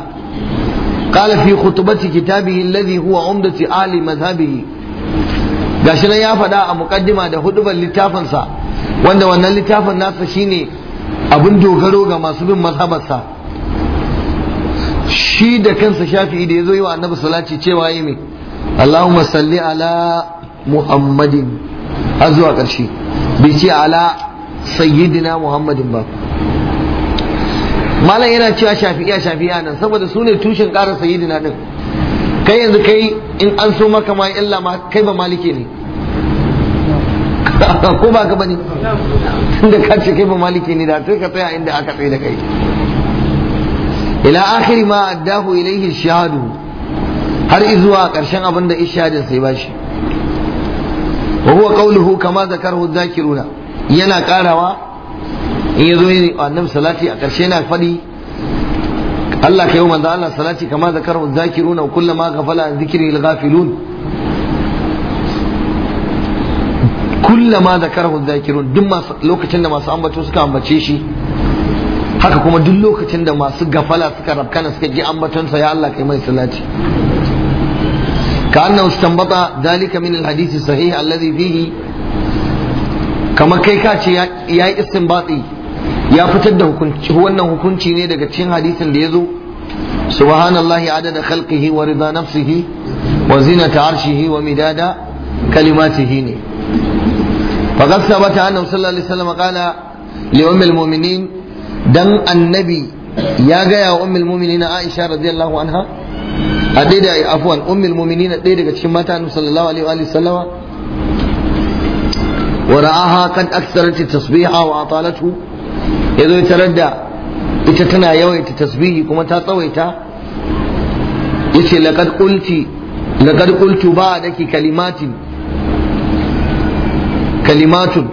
qala fi khutbati kitabihi alladhi huwa umdati ali madhhabihi gashi nan ya faɗa a muqaddima da hudubar sa, wanda wannan littafin nasa shine abin dogaro ga masu bin manhabarsa. shi da kansa shafi'i da ya zo yi wa annabi salati cewa yi mai Allahumma salli ala Muhammadin har zuwa ƙarshe bai ce ala sayyidina Muhammadin ba malam yana cewa shafi'iya shafi'iya nan saboda su ne tushen ƙara sayidina din kai yanzu kai in an so maka ma illa ma kai ba malike ne ko ba ka bane tunda ka ce kai ba malike ne da to ka tsaya inda aka tsaye da kai ila akhiri ma addahu ilayhi shahadu har izuwa karshen abin da ishadin sai bashi wa huwa qawluhu kama zakarhu dhakiruna yana karawa in ya zo yi annam salati a ƙarshe na faɗi Allah ka yi wa Allah salati kama zakaru zakiruna kullama ghafala an dhikri al-ghafilun kullama zakarahu runa duk lokacin da masu ambato suka ambace shi haka kuma duk lokacin da masu gafala suka rabkana suka ji ambatonsa ya Allah ka yi mai salati Ka كأنه استنبط ذلك من الحديث الصحيح الذي فيه كما ya yi istinbati ya fitar da hukunci wannan hukunci ne daga cikin hadisin da ya zo subhanallahi adada khalqihi wa rida nafsihi wa zinata arshihi wa midada kalimatihi ne faqad ta annahu sallallahu alaihi wasallam qala li ummil mu'minin dan annabi ya gaya wa ummul mu'minin Aisha radiyallahu anha a daida afwan ummul mu'minin ɗaya daga cikin mata annabi sallallahu alaihi wa sallama ورآها قد أكثرت التصبيح وأطالته ya zo tarar da ita tana yawaita tasbihi kuma ta tsawaita ya ce laƙar ƙultu ba a ke kalimatin kalimatun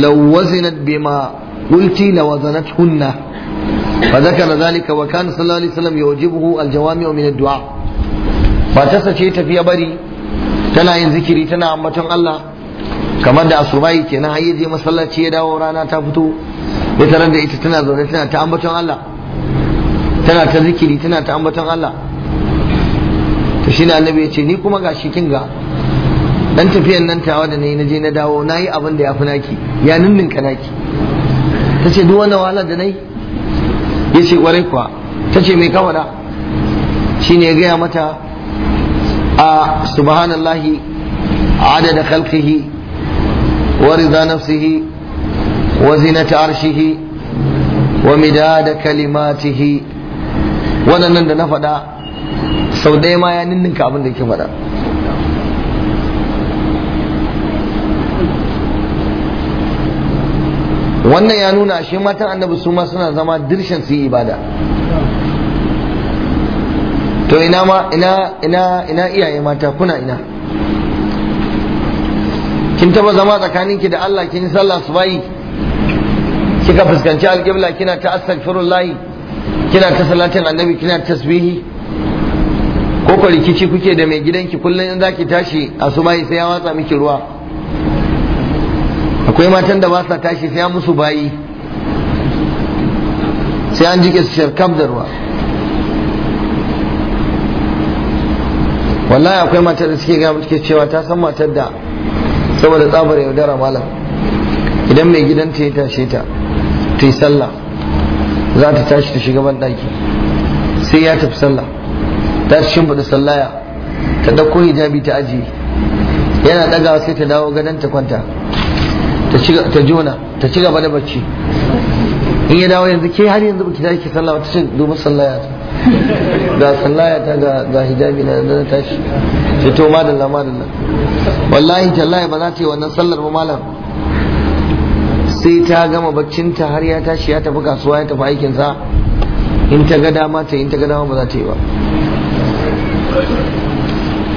lawazinat bima ƙulti lawazanat hunna fa zakara zalika wa kana sallallahu alaihi wasallam yujibuhu aljawami min ad-du'a matarsa ce tafiya bari tana yin zikiri tana ambaton Allah kamar da asubai kenan har je masallaci ya dawo rana ta fito ya tarar da ita tana zaune tana ta ambaton Allah tana ta zikiri tana ta ambaton Allah to shine annabi ya ce ni kuma ga kin ga dan tafiyan nan tawa da nayi naje na dawo nayi abin da ya fi naki ya ninninka naki tace duk wannan wahala da nayi yace kwarai kuwa tace me ka wada shine ya gaya mata a subhanallahi adada khalqihi wa rida nafsihi وزنة عرشه ومداد كلماته waɗannan da na faɗa sau ɗaya ma ya ninninka abin da ke faɗa wannan ya nuna ashe matan annabi su ma suna zama dirshan su yi ibada to ina iyaye mata kuna ina kin taba zama tsakanin ki da Allah kin sallah su bayi kika fuskanci alƙibla kina ta astaghfirullahi kina ta salatin annabi kina tasbihi ko ko rikici kuke da mai gidanki kullum in zaki tashi asubahi sai ya watsa miki ruwa akwai matan da ba sa tashi sai ya musu bayi sai an jike su sharkab da ruwa wallahi akwai matar da suke ga suke cewa ta san matar da saboda tsabar yaudara malam idan mai gidanta ya tashe ta ta yi sallah za ta tashi ta shiga banɗaki sai ya tafi sallah ta shimfiɗa sallaya ta ɗauko hijabi ta ajiye yana ɗagawa sai ta dawo gadon ta kwanta ta jona ta ci gaba da bacci in ya dawo yanzu ke har yanzu baki tashi ki sallah ta ce dubu sallaya ta ga sallaya ta ga hijabi na da tashi ta to madalla madalla wallahi tallahi ba za ta yi wannan sallar ba malam sai ta gama baccinta har ya tashi ya tafi kasuwa ya tafi aikinsa in ta ga dama ta in ta ga dama ba za ta yi ba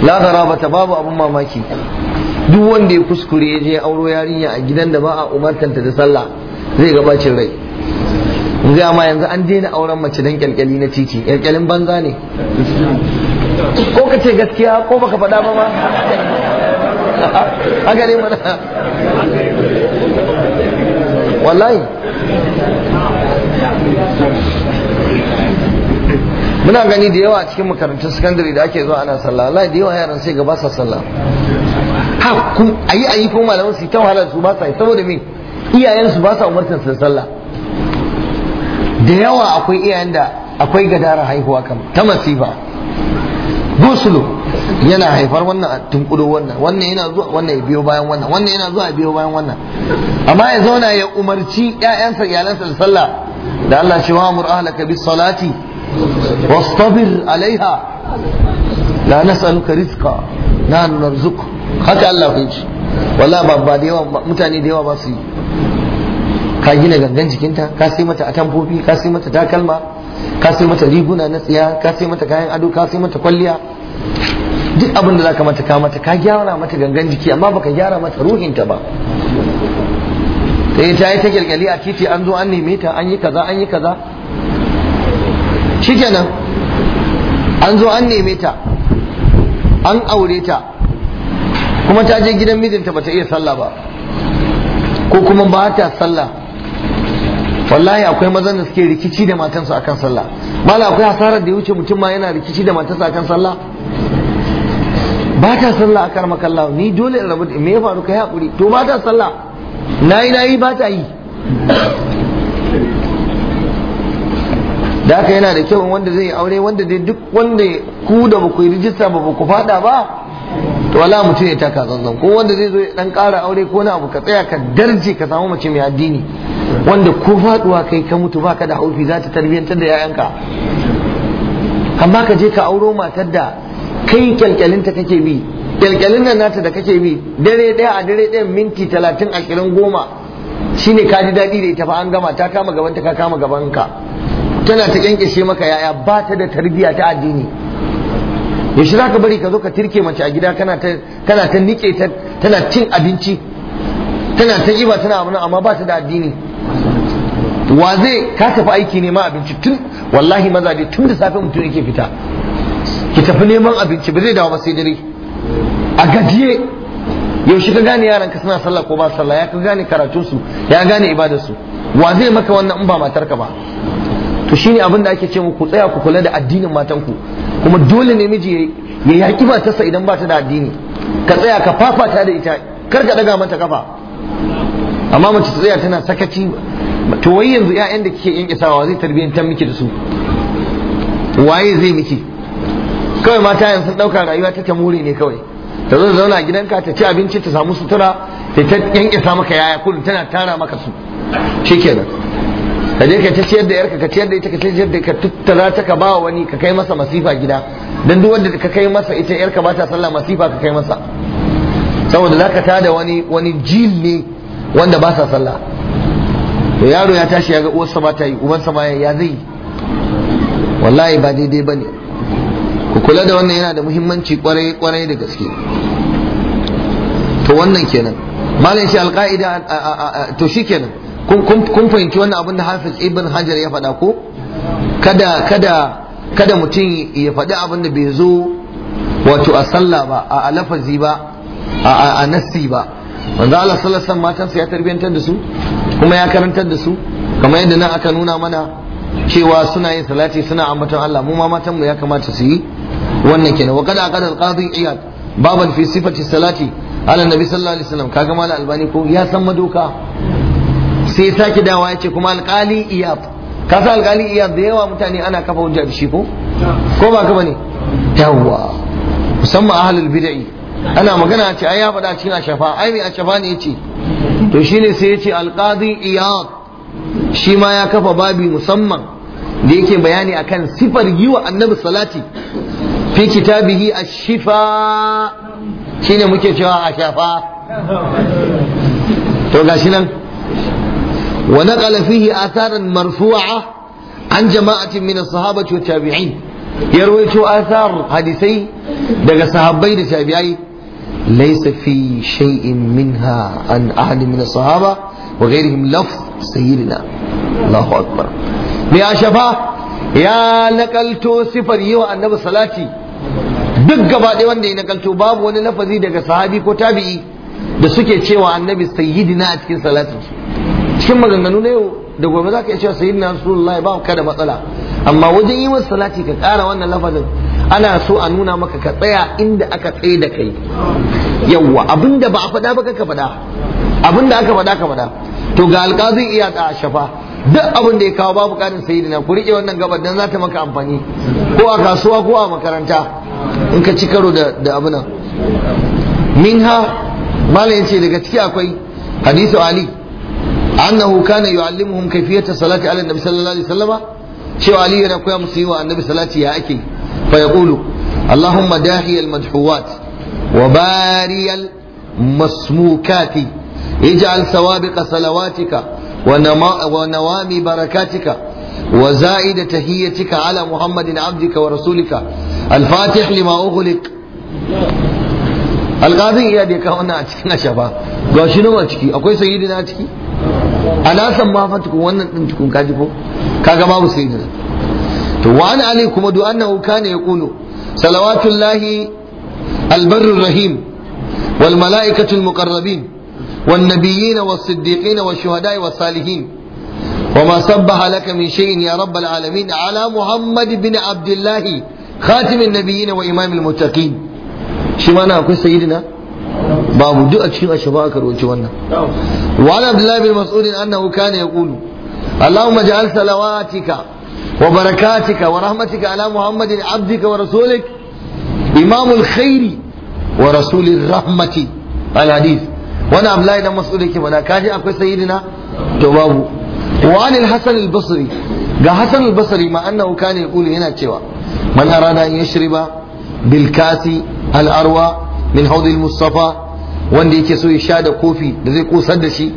lazara ba ta babu abin mamaki duk wanda ya kuskure ya je auro yarinya a gidan da ba a umartanta da sallah zai ga bacin rai in ga ma yanzu an daina auren mace dan kyalkyali na titi kyalkyalin banza ne ko ka ce gaskiya ko baka faɗa ba ma haka ne mana wallahi muna gani da yawa cikin makarantun sakandare da ake zuwa ana sallah wallahi da yawa yaran sai gaba sa sallah ha ku ayi ayi ko malaman su ta wahala su ba sa yi saboda me iyayen su ba sa da su sallah da yawa akwai iyayen da akwai gadara haihuwa kam ta masifa gusulu yana haifar wannan a tunkudo wannan wannan yana zuwa wannan ya biyo bayan wannan wannan yana zuwa ya biyo bayan wannan amma ya zauna ya umarci ƴaƴansa iyalansa da sallah da Allah shi wa amur ahlaka bis salati wastabir alaiha la nas'aluka rizqa la narzuq haka Allah ya ce wallahi ba da yawa mutane da yawa ba su yi ka gina gangan jikinta ka sai mata atamfofi ka sai mata takalma ka sai mata riguna na tsiya ka sai mata kayan ado ka sai mata kwalliya duk abin da zaka mata ka mata ka gyara mata gangan jiki amma baka gyara mata ruhinta ba sai ta yi ta gyalgyali a titi an zo an neme ta an yi kaza an yi kaza shikenan an zo an neme ta an aure ta kuma ta je gidan mijinta bata iya sallah ba ko kuma ba ta sallah wallahi akwai mazan da suke rikici da matansu akan sallah mala akwai hasarar da ya wuce mutum ma yana rikici da matansa akan sallah ba ta sallah a makalla ni dole in rabu me ya faru kai hakuri to ba ta sallah nayi nayi ba ta yi da haka yana da kyau wanda zai aure wanda dai duk wanda ku da ba ku rijista ba ku fada ba to wala mutum ya taka zanzan ko wanda zai zo ya dan kara aure ko na abu ka tsaya ka darje ka samu mace mai addini wanda ko faduwa kai ka mutu baka da haufi za ta tarbiyantar da 'ya'yanka amma ka je ka auro matar da kai ta kake bi kyalkyalin nan nata da kake bi dare ɗaya a dare ɗaya minti talatin ashirin goma shine ka ji daɗi da ita fa an gama ta kama gaban ka kama gaban ka tana ta kyankyashe maka yaya ba ta da tarbiyya ta addini yaushe za ka bari ka zo ka tirke mace a gida kana ta nike ta tana cin abinci tana ta ƙiba tana abu amma ba ta da addini wa zai ka tafi aiki ne ma abinci tun wallahi mazaje tun da safe mutum yake fita ki tafi neman abinci ba zai dawo ba sai dare a gajiye yaushe ka gane yaranka suna sallah ko ba sallah ya ka gane karatunsu ya gane ibadarsu wa zai maka wannan in ba ka ba to shine abin da ake ce muku tsaya ku kula da addinin matanku kuma dole ne miji ya yaki matarsa idan ba ta da addini ka tsaya ka fafata da ita kar ka daga mata kafa amma mace tsaya tana sakaci to wai yanzu 'ya'yan da kike yankisawa zai tarbiyyantar miki da su waye zai miki kawai mata yanzu sun ɗauka rayuwa ta ta more ne kawai ta zo zauna a gidanka ta ci abinci ta samu sutura ta ta isa maka yaya kullum tana tara maka su shikenan ka je ka ta ciyar da yarka ka ciyar da ita ka ciyar da ka tattara ta ka bawa wani ka kai masa masifa gida dan duk wanda ka kai masa ita yarka ba ta sallah masifa ka kai masa saboda zaka tada wani wani jil ne wanda ba sa sallah to yaro ya tashi ya ga uwarsa ba ta yi ubansa sama ya zai wallahi ba daidai bane ku kula da wannan yana da muhimmanci kwarai kwarai da gaske to wannan kenan malam shi alqaida to shi kenan, kun fahimci wannan abin da Hafiz Ibn Hajar ya faɗa ko kada kada kada mutum ya faɗi abin da bai zo wato a sallah ba a lafazi ba a nassi ba wanda Allah sallallahu alaihi wasallam matansa ya tarbiyantar da su kuma ya karantar da su kamar yadda nan aka nuna mana cewa suna yin salati suna ambaton Allah mu ma matan mu ya kamata su yi wannan kenan wa kada qadar qadi iyad baban fi sifati salati ala nabi sallallahu alaihi wasallam kaga mal albani ko ya san madoka sai ya saki dawa ce kuma alƙali iyad ka san alƙali iyad da yawa mutane ana kafa hujja da shi ko ko ba ka bane yawa musamman ahlul bid'i ana magana a ce ai ya faɗa cikin ashafa ai mai ashafa ne yace to shine sai ya ce alqadi iyad shi ma ya kafa babi musamman da yake bayani akan sifar yi wa annabi salati fi kitabihi ash-shifa shine muke cewa a shafa to gashi nan wa naqala fihi atharan marfu'a an jama'atin min as sahaba wa tabi'in ya rawaito athar hadisai daga sahabai da tabi'ai laysa fi shay'in minha an ahli min sahaba وغيرهم لفظ سيدنا الله أكبر يا شفا يا نقلتو سفر يوى النبي duk gaba ɗaya wanda ya nakalto babu wani lafazi daga sahabi ko tabi'i da suke cewa annabi sayyidina a cikin salatin su cikin maganganu na yau da gobe za ka iya cewa sayyidina rasulullah ba ka da matsala amma wajen yi masa salati ka ƙara wannan lafazin ana so a nuna maka ka tsaya inda aka tsaye da kai yawwa abinda ba a faɗa ba ka faɗa abin da aka faɗa ka faɗa to ga alƙazin iya ta shafa duk abin da ya kawo babu ƙarin sayidina ku riƙe wannan gabar dan za ta maka amfani ko a kasuwa ko a makaranta in ka ci karo da abin nan minha malam yace daga ciki akwai hadisu ali annahu kana yu'allimuhum kayfiyat salati ala annabi sallallahu alaihi wasallama cewa ali yana koya musu yi wa annabi salati ya ake fa yaqulu allahumma madhuwat wa اجعل سوابق صلواتك ونوامي بركاتك وزائد تهيتك على محمد عبدك ورسولك الفاتح لما أغلق alƙazin iya da ya kawo wannan a cikin asha ba shi nan ciki akwai sayyidi na ciki alasan ma fa tukun wannan din kaji ko kaga babu sayyidi to ali kuma du annahu salawatullahi albarrur rahim wal malaikatu والنبيين والصديقين والشهداء والصالحين وما سبح لك من شيء يا رب العالمين على محمد بن عبد الله خاتم النبيين وإمام المتقين شمعنا أكون سيدنا babu duk a cikin ashaba aka rawaci wannan wa an abdullahi bin mas'ud annahu kana yaqulu allahumma ja'al salawatika wa barakatika wa rahmatika ala muhammadin abdika wa khairi wa rasulir rahmati wani abdullahi dan masu dake mana kaji akwai sayyidina to babu wa anil hasan al-basri ga hasan al-basri ma annahu kana yaqulu yana cewa man arada an yashriba bil kasi al-arwa min hawd al-mustafa wanda yake so ya sha da kofi da zai kosar da shi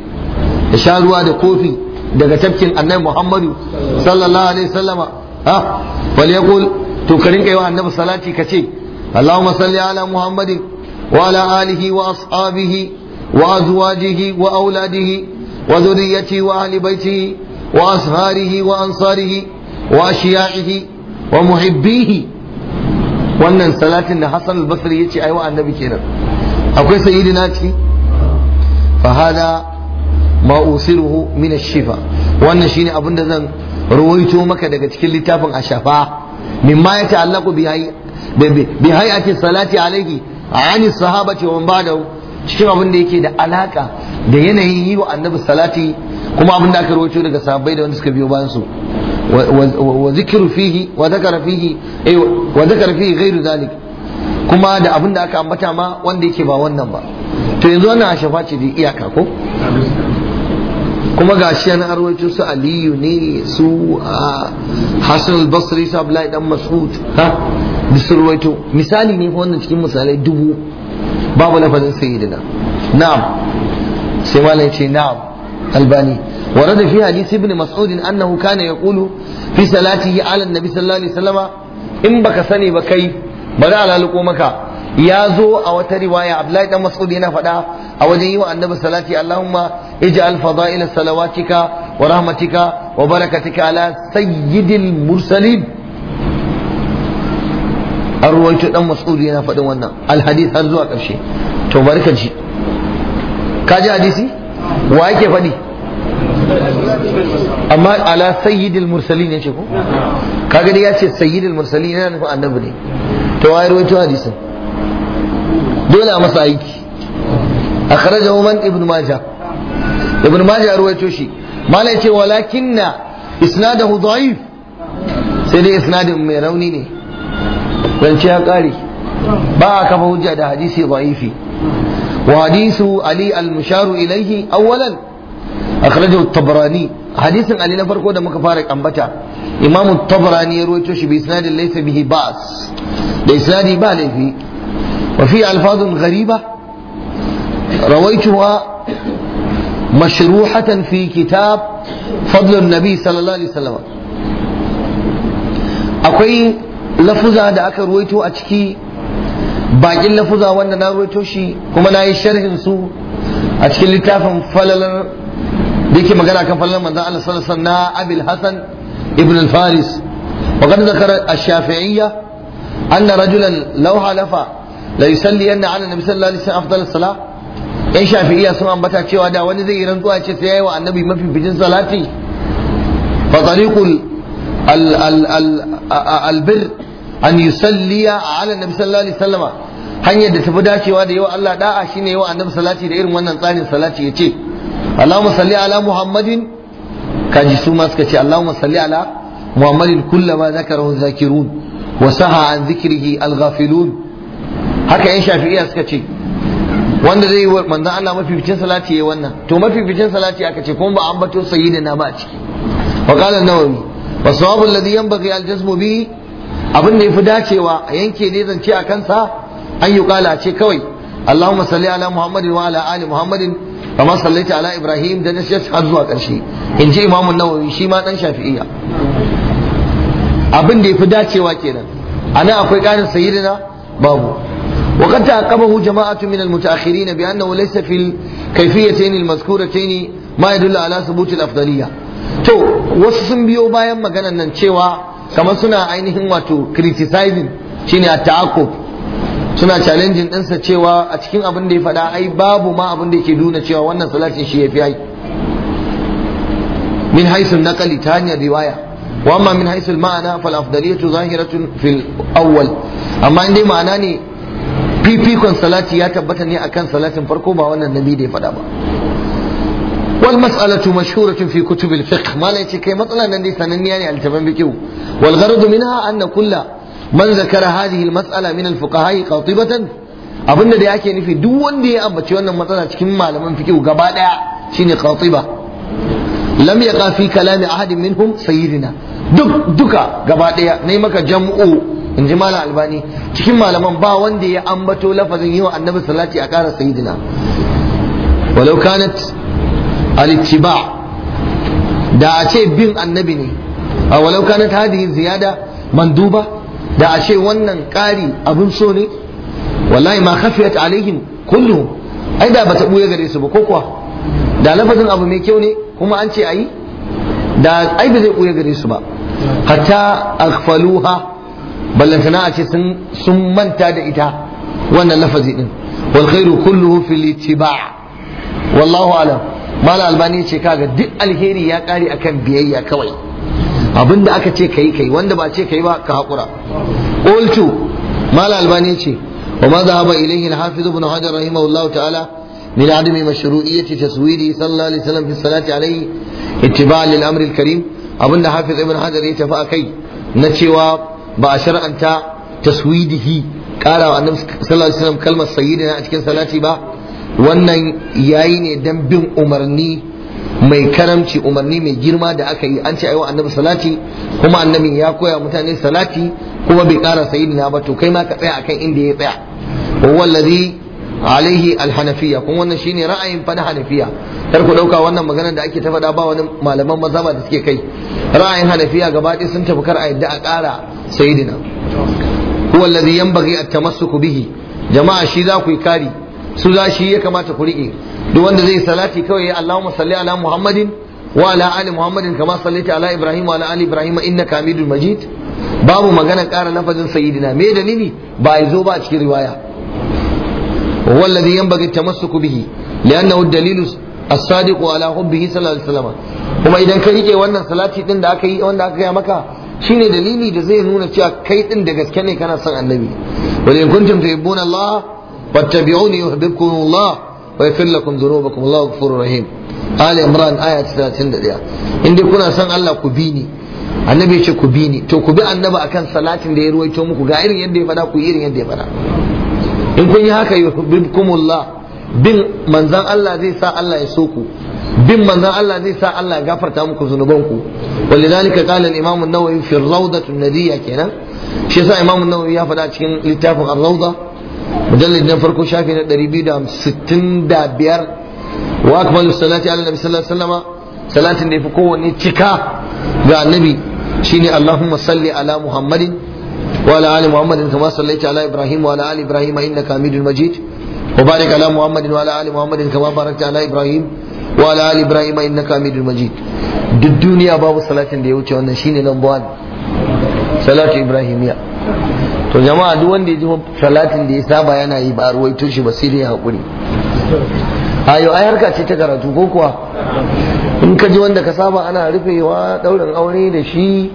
ya sha ruwa da kofi daga tafkin annabi muhammadu sallallahu alaihi wasallama ha wal yaqul to ka rinka yi wa annabi salati ka ce allahumma salli ala muhammadin wa ala alihi wa ashabihi وأزواجه وأولاده وذريته وأهل بيته وأصهاره وأنصاره وأشيائه ومحبيه wannan salatin da Hassan al-Basri ya ce aiwa annabi kenan akwai sayyidina ciki fa hada ma usiruhu min ash-shifa wannan shine da zan ruwaito maka daga cikin littafin ashafa Min mimma ya ta'allaqu bi hayati salati alayhi ani sahabati wa ba'dahu cikin abin da yake da alaka da yanayin yi wa annabi salati kuma abin da aka rawaito daga sahabbai da wanda suka biyo bayan su wa zikru fihi wa zakara fihi eh wa zakara fihi ghairu zalik kuma da abin da aka ambata ma wanda yake ba wannan ba to yanzu wannan shafa ce da iyaka ko kuma ga an arwaito su aliyu ne su hassan al-basri su abdullahi dan mas'ud ha bisurwaito misali ne wannan cikin misalai dubu babu lafazin sayyidina na'am sai malai ce na'am albani ورد في حديث ابن مسعود انه كان يقول في صلاته على النبي صلى الله عليه وسلم in baka sani ba kai ba za maka ya zo a wata riwaya abdullahi dan mas'ud yana faɗa a wajen yi wa annabi salati allahumma ij'al salawatika wa rahmatika wa barakatika ala sayyidil mursalin an ruwaito dan mas'ud yana faɗin wannan alhadith har zuwa ƙarshe to barka ji ka ji hadisi wa yake faɗi amma ala sayyidil mursalin yace ko kaga dai yace sayyidil mursalin yana nufin annabi ne to wa ruwaito hadisin dole a masa aiki akhrajahu man ibn majah ibn majah ruwaito shi malai ce walakinna isnadahu da'if sai dai isnadin mai rauni ne rance ya kare ba a kafa hujja da hadisi da'ifi wa hadisu ali al-musharu ilaihi awwalan akhrajahu at-tabrani hadisin ali na farko da muka fara ambata imamu tabrani ya rawaito shi bi isnadin laysa bihi ba'as da isnadi ba laifi wa fi alfazun ghariba rawaituha mashruhatan في كتاب فضل النبي صلى الله عليه وسلم أكوين lafuza da aka ruwaito a ciki bakin lafuza wanda na ruwaito shi kuma na yi sharhin su a cikin littafin falalar da yake magana kan falalar manzan Allah sallallahu na Abil Hassan ibn al-Faris wa qad zakara ash-Shafi'iyya anna rajulan law halafa la yusalli anna ala nabi sallallahu alaihi wasallam afdal salah yan shafi'iyya sun ambata cewa da wani zai yi rantsuwa ce sai yayi wa annabi mafi bijin salati fa tariqul al al al albir an a ala hanyar da tafi dacewa da yawa Allah da'a shine yawa annabi salati da irin wannan tsarin salati yace Allahumma salli ala Muhammadin kaji su ma suka ce Allahumma salli ala Muhammadin kullama zakarahu zakirun wa saha an zikrihi al haka yan shafi'iya suka ce wanda zai yi wa manzon Allah mafificin salati yayi wannan to mafificin salati aka ce kuma ba an bato sayyidina ba a ciki wa qala an-nawawi wa sawabu alladhi yanbaghi al-jazmu bihi abin da ya fi dacewa a yanke ne zance a kansa an yi kala ce kawai Allahumma salli ala Muhammadin wa ala ali Muhammadin kama sallaita ala Ibrahim da nasiyar har zuwa ƙarshe in ji Imam Nawawi shi ma dan Shafi'iyya abin da ya fi dacewa kenan anan akwai ƙarin sayyidina babu وقد تعقبه جماعة من المتأخرين بأنه ليس في الكيفيتين المذكورتين ما يدل على ثبوت الأفضلية to wasu sun biyo bayan maganan nan cewa kamar suna ainihin wato criticizing shine a ta'akub suna challenging ɗinsa cewa a cikin abin da ya faɗa ai babu ma abin da ke nuna cewa wannan salatin shi ya fi ai min haisul naqali ta hanyar riwaya wa amma min haisul ma'ana fal afdaliyatu zahiratun fil awwal amma in dai ma'ana ne fifikon salati ya tabbata ne akan salatin farko ba wannan nabi da ya faɗa ba wal mas'alatu mashhuratun fi kutub al fiqh mala yace kai matsalan nan dai sananniya ne a littafin fiqh wal gharad minha anna kulla man zakara hadhihi al mas'ala min al fuqaha qatibatan abinda da yake nufi duk wanda ya ambaci wannan matsala cikin malaman fiqh gaba daya shine qatiba lam yaqa fi kalami ahadin minhum sayyidina duk duka gaba na nayi maka jam'u in ji malam albani cikin malaman ba wanda ya ambato lafazin yi wa annabi salati a ƙara sayidina walau kanat al-ittiba da a ce bin annabi ne a walau kanat hadhihi ziyada manduba da a ce wannan ƙari abin so ne wallahi ma khafiyat alaihim kullu ai da bata buya gare su ba ko kuwa da lafazin abu mai kyau ne kuma an ce ayi da ai ba zai buya gare su ba hatta aghfaluha ballantana a ce sun manta da ita wannan lafazi din wal khairu kulluhu fil ittiba' wallahu alam mala albani ce kaga duk alheri ya kare akan biyayya kawai abinda aka ce kai kai wanda ba ce kai ba ka hakura qultu mala albani ce wa ma ilayhi al-hafiz ibn hajar rahimahullahu ta'ala min adami mashru'iyyati taswiri sallallahu alaihi wasallam fi salati lil al-karim abinda hafiz ibn hajar ya tafi akai na cewa ba a shar'anta taswidihi kara annabi sallallahu alaihi wasallam kalmar sayyidina a cikin salati ba wannan yayi ne dan bin umarni mai karamci umarni mai girma da aka yi an ce aiwa annabi salati kuma annabi ya koya mutane salati kuma bai kara sayyidina ba to kai ma ka tsaya akan inda ya tsaya wallazi alaihi alhanafiya kuma wannan shine ra'ayin fa na hanafiya kar ku dauka wannan magana da ake ta faɗa ba wani malaman mazhaba da suke kai ra'ayin hanafiya gaba ɗaya sun tafi kar a yadda a ƙara sayyidina huwa allazi yanbaghi at-tamassuku bihi jama'a shi za ku yi kari su za shi ya kamata ku riƙe duk wanda zai salati kawai ya Allahumma salli ala Muhammadin wa ala ali Muhammadin kama sallaita ala Ibrahim wa ala ali Ibrahim innaka Hamidul Majid babu magana ƙara lafazin sayyidina me dalili ba ya zo ba a cikin riwaya alladhi yanbaghi tamassuku bihi li'annahu dalilus dalilu as-sadiq ala hubbihi sallallahu alaihi wasallam kuma idan ka rike wannan salati din da aka yi wanda aka gaya maka shine dalili da zai nuna cewa kai din da gaske ne kana son annabi wa in kuntum tuhibbuna Allah واتبعوني يحببكم الله ويغفر لكم ذنوبكم الله غفور رحيم rahim عمران Imran aya 31 in كنا سن الله Allah ku annabi ce ku bi ni to ku bi annabi akan salatin da ya ruwaito muku ga irin yadda ya fada ku irin yadda ya fada in kun yi haka yuhibbukumullah bin manzan Allah zai sa Allah ya so ku bin manzan Allah zai sa Allah ya gafarta muku zunubanku walidhalika qala al-imam an-nawawi fi ar-rawdah an-nadiyya kenan shi yasa imam an-nawawi ya fada cikin littafin ar-rawdah mujallid na farko shafi na 265 wa akmalu salati ala nabi sallallahu alaihi wasallam salatin da yafi kowanne cika ga annabi shine allahumma salli ala muhammadin wa ala muhammadin kama sallaita ala ibrahim wa ala ali ibrahim innaka hamidul وبارك على محمد وعلى ال محمد كما باركت على ابراهيم وعلى ال ابراهيم انك حميد مجيد duk duniya babu salatin da ya wuce wannan shine number 1 salatu to jama'a duk wanda ya ji salatin da ya saba yana yi ba ruwaito shi ba sai dai hakuri ayo ai harka ce ta karatu ko kuwa in ka ji wanda ka saba ana rufewa daurin aure da shi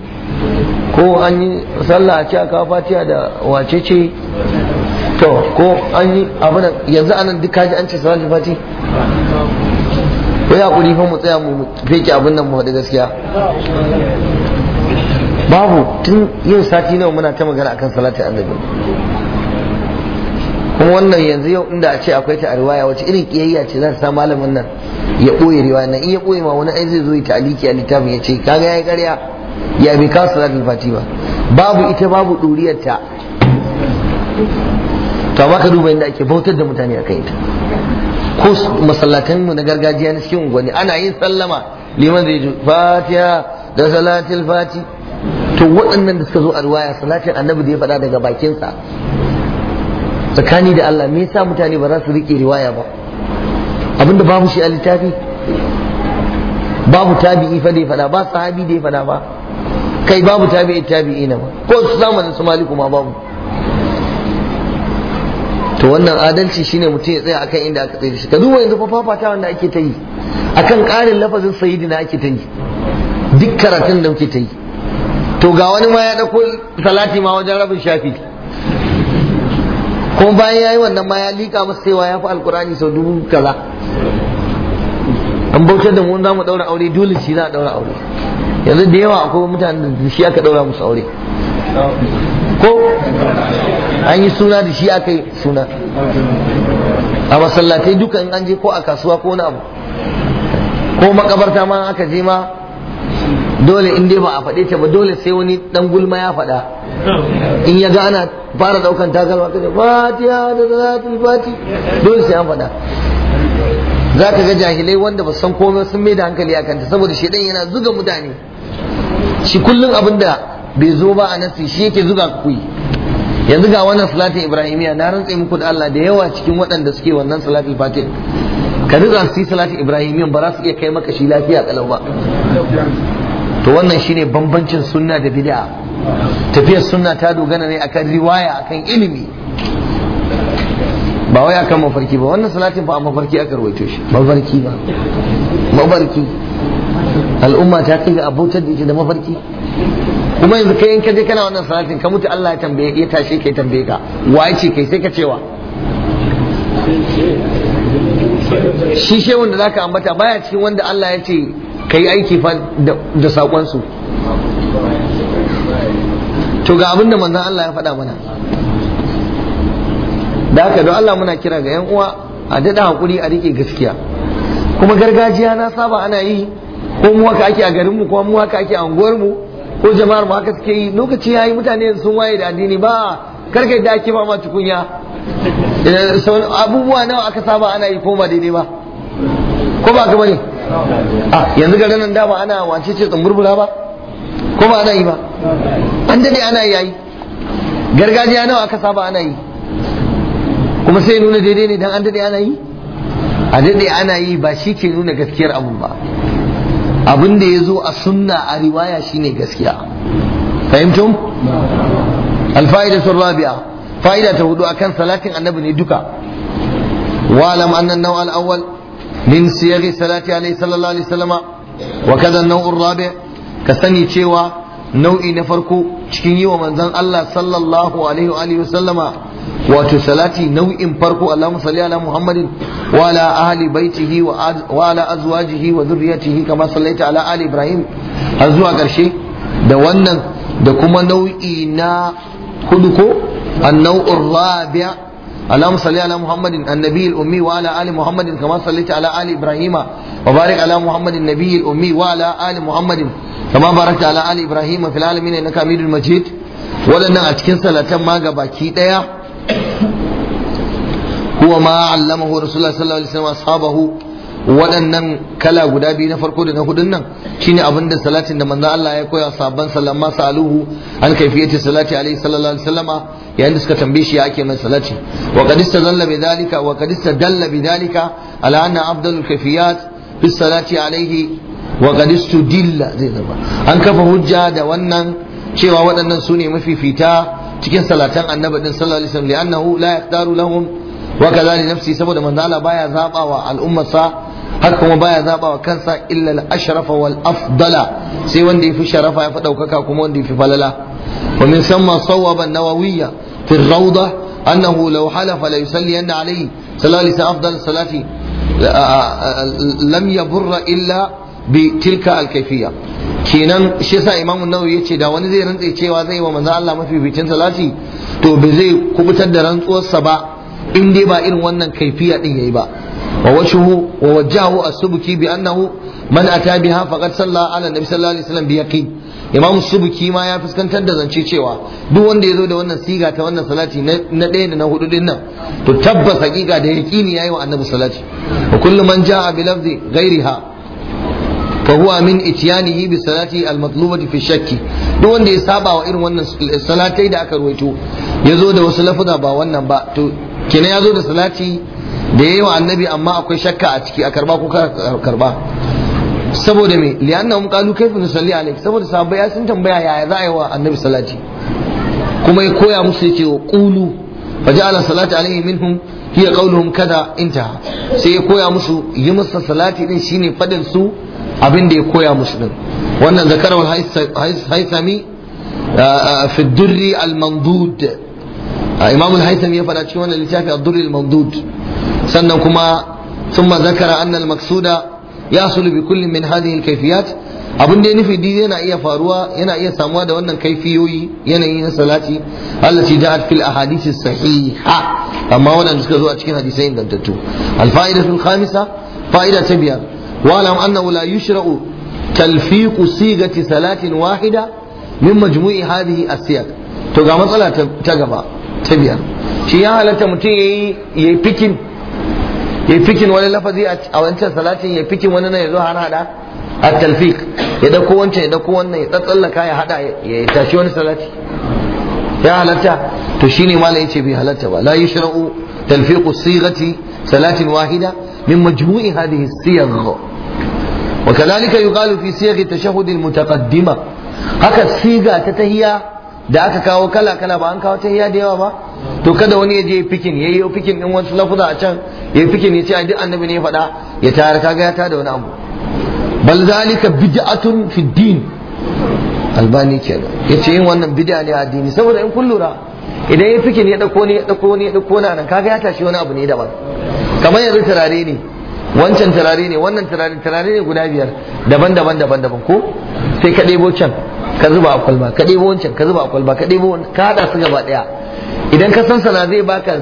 ko an yi sallah a ce a fatiya da wace ce to ko an yi abu yanzu anan duk kaji an ce salatul fati ko ya kuri fa mu tsaya mu fike abin nan mu faɗi gaskiya babu tun yau sati nawa muna ta magana akan salatin annabi kuma wannan yanzu yau inda a ce akwai ta a riwaya wace irin kiyayya ce za sa malamin nan ya ɓoye riwaya nan in ya ɓoye ma wani ai zai zo ya ta'aliki a littafin ya ce kaga yayi ƙarya ya bi ka salatul Fatima. babu ita babu ta to amma ka duba inda ake bautar da mutane akan kai ko masallatan mu na gargajiya na cikin gwani ana yin sallama liman zai ji fatiha da salatul fati to waɗannan da suka zo a ruwaya salatin annabi da ya faɗa daga bakinsa tsakani da Allah me yasa mutane ba za su riƙe riwaya ba abinda babu shi a littafi babu tabi'i fa da ya faɗa ba sahabi da ya faɗa ba kai babu tabi'i tabi'i na ba ko su zamanin su maliku ma babu to wannan adalci shine mutum ya tsaya akan inda aka tsaye shi ka duba yanzu fa fafata wanda ake ta yi akan ƙarin lafazin sayyidina ake ta yi duk karatun da muke ta yi to ga wani ma ya dauko salati ma wajen rabin shafi kuma bayan ya yi wannan ma ya lika masa cewa ya fi alkurani sau dubu kaza an bautar da mu za mu ɗaura aure dole shi za a ɗaura aure yanzu da yawa akwai mutanen da shi aka ɗaura musu aure ko an yi suna da shi aka yi suna a masallatai duka in an je ko a kasuwa ko wani abu ko makabarta ma aka je ma dole in ba a faɗe ta ba dole sai wani dan gulma ya faɗa in ya ga ana fara ɗaukan takalma ka ce fatiha da salatul fati dole sai an faɗa za ka ga jahilai wanda ba san komai sun mai da hankali a kanta saboda shedan yana zuga mutane shi kullum abin da bai zo ba a nasi shi yake zuga ku yanzu ga wannan salatin ibrahimiya na rantse muku da Allah da yawa cikin waɗanda suke wannan salatul Fati. ka rika su yi salatin ibrahimiyan ba za su iya kai maka shi lafiya kalau ba to wannan shine bambancin sunna da bid'a tafiyar sunna ta dogana ne akan riwaya akan ilimi ba wai akan mafarki ba wannan salatin fa a mafarki aka rawaito shi mafarki ba mafarki al'umma ta kai ga abautar da ita da mafarki kuma yanzu kai in ka je kana wannan salatin ka mutu Allah ya tambaye ya tashe kai tambaye ka waye ce kai sai ka cewa shi shehun da zaka ambata baya cikin wanda Allah ya ce ka yi aiki da saƙonsu to ga abinda manzan Allah ya faɗa mana da haka don Allah muna kira ga 'yan uwa a daɗa haƙuri a riƙe gaskiya kuma gargajiya na saba ana yi ko mu ka ake a garinmu ko mu haka ake a unguwarmu ko jama'ar mu haka suke yi lokaci yayi mutane sun waye da addini ba karka yadda ake ba ma tukunya eh, abubuwa nawa aka saba ana yi ko ba daidai ba ko ba ka ne? a ah, yanzu ga nan dama ana wance ce bula ba ko ba ana yi ba an dade ana yi yayi gargajiya nawa aka saba ana yi kuma sai nuna daidai ne dan an dade ana yi a dade ana yi ba shi ke nuna gaskiyar abun ba abin da ya zo a sunna a riwaya shine gaskiya fahimtum alfa'idatu rabi'a fa'ida ta hudu akan salatin annabi ne duka wa'lam anna an-naw'al awwal min siyari salati alaihi sallallahu alaihi wasallama wa kaza nau'ur rabi ka sani cewa nau'i na farko cikin yiwa wa manzon Allah sallallahu alaihi wa sallama wato salati nau'in farko Allahumma salli ala Muhammadin wa ala ahli baitihi wa ala azwajihi wa dhurriyyatihi kama sallaita ala ali Ibrahim har zuwa karshe da wannan da kuma nau'i na hudu ko an rabi'a اللهم صل على محمد النبي الأمي وعلى آل محمد كما صليت على آل إبراهيم وبارك على محمد النبي الأمي وعلى آل محمد كما باركت على آل إبراهيم في العالمين إنك حميد مجيد ولنا أتكن صلاة ما قباكي هو ما علمه رسول الله صلى الله عليه وسلم أصحابه waɗannan kala guda biyu na farko da na hudun nan shine abin da salatin da manzo Allah ya koya sabban sallama saluhu an kaifiyati salati alaihi sallallahu alaihi wasallama yayin da suka tambaye shi ya ake mai salati wa qad istadalla bidhalika wa qad istadalla bidhalika ala anna afdalul kayfiyat fi salati alaihi wa qad istudilla zai zama an kafa hujja da wannan cewa waɗannan su ne mafifita cikin salatan annabi din sallallahu alaihi wasallam li'annahu la yaqdaru lahum wa kadhalika nafsi saboda manzo Allah baya zabawa al'ummarsa haka kuma baya zaba wa kansa illa al-ashrafa wal afdala sai wanda yafi sharafa yafi daukaka kuma wanda yafi falala wa min samma sawaba an-nawawiyya fi ar-rawda annahu law halafa la anna alayhi sallallahu afdal salati lam yabur illa bi tilka al-kayfiyya kenan shi yasa imamu nawawi yace da wani zai rantsa cewa zai wa manzo Allah mafi bicin salati to bai zai kubutar da rantsuwarsa ba in dai ba irin wannan kaifiya din yayi ba ووجهه ووجهه السبكي بانه من اتى بها فقد صلى على النبي صلى الله عليه وسلم بيقين امام السبكي ma ya fuskantar da zance cewa duk wanda ya zo da wannan siga ta wannan salati na daya da na hudu din nan to tabbas hakika da yaqini yayi wa annabi salati wa kullu man jaa bi lafzi ghairiha fa huwa min ityanihi bi salati al matlubati fi shakki duk wanda ya saba wa irin wannan salatai da aka ruwaito ya zo da wasu lafuza ba wannan ba to kenan ya zo da salati da yi wa annabi amma akwai shakka a ciki a karba ko karba saboda me li'annahum kalu kayfa nusalli alayk saboda sahabbai sun tambaya yaya za a yi wa annabi salati kuma ya koya musu ya ce wa kulu. qulu faja'ala salati alayhi minhum hiya qawluhum kada ta. sai ya koya musu yi musu salati din shine fadin su abin da ya koya musu din wannan zakarar haisami uh, uh, fi durri al-mandud imam al-haytham ya faɗa cikin wannan littafi ad-durr al sannan kuma ثم ذكر Maksuda, ya يحصل بكل من هذه الكيفيات abin da ya nufi dai yana iya faruwa yana iya samuwa da wannan kaifiyoyi yanayi na salati allati ja'at fil ahadisi sahiha amma wadanda suka zo a cikin hadisai ingantattu al fa'idatul khamisa fa'ida ta biyar wa lam annahu la yushra'u talfiqu salatin wahida min majmu'i hadhihi a siyaq to ga matsala ta gaba ta biyar shi ya halatta mutum ya yi fikin ya fikin wani lafazi a wancan salatin ya fikin wani na ya zo har hada a talfik ya dauko wancan ya dauko wannan ya tsatsallaka ya hada ya tashi wani salati ya halatta to shi shine malai ce bai halatta ba la yushra'u talfiku sigati salatin wahida min majmu'i hadhihi siyagh وكذلك يقال في صيغ التشهد haka هكا ta تتهيأ da aka kawo kala kala ba an kawo tahiya da yawa ba to kada wani ya je ya fikin ya yi fikin din wasu lafuza a can ya fikin ya ce a duk annabi ne ya faɗa ya tayar kaga ya tada wani abu bal zalika bid'atun fi din albani kenan ce yin wannan bid'a ne a addini saboda in kun lura idan ya fikin ya dauko ne ya dauko ne ya dauko nan kaga ya tashi wani abu ne daban kamar yanzu turare ne wancan turare ne wannan turare turare ne guda biyar daban daban daban daban ko sai ka ɗebo can ka zuba a kwalba ka ɗebo wancan ka zuba a kwalba ka ɗebo ka haɗa su gaba ɗaya idan ka san sana zai baka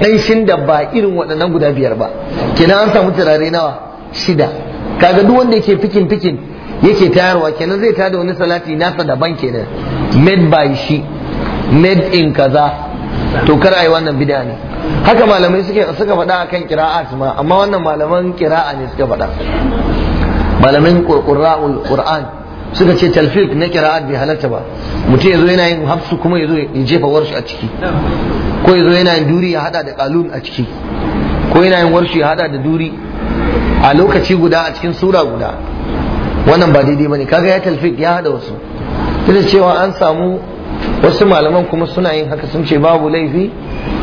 ɗanshin da ba irin waɗannan guda biyar ba kenan an samu turare nawa shida kaga duk wanda yake fikin fikin yake tayarwa kenan zai tada wani salati nasa daban kenan made by shi made in kaza to kar ai wannan bid'a ne haka malamai suke suka faɗa akan kira'a ma amma wannan malaman kira'a ne suka faɗa malamin qur'an suka ce talfik na kira'at bai halarta ba mutum ya zo yana yin hafsu kuma ya zo ya jefa warshi a ciki ko ya zo yana yin duri ya hada da kalun a ciki ko yana yin warshi ya hada da duri a lokaci guda a cikin sura guda wannan ba daidai bane kaga ya talfik ya hada wasu tunda cewa an samu wasu malaman kuma suna yin haka sun ce babu laifi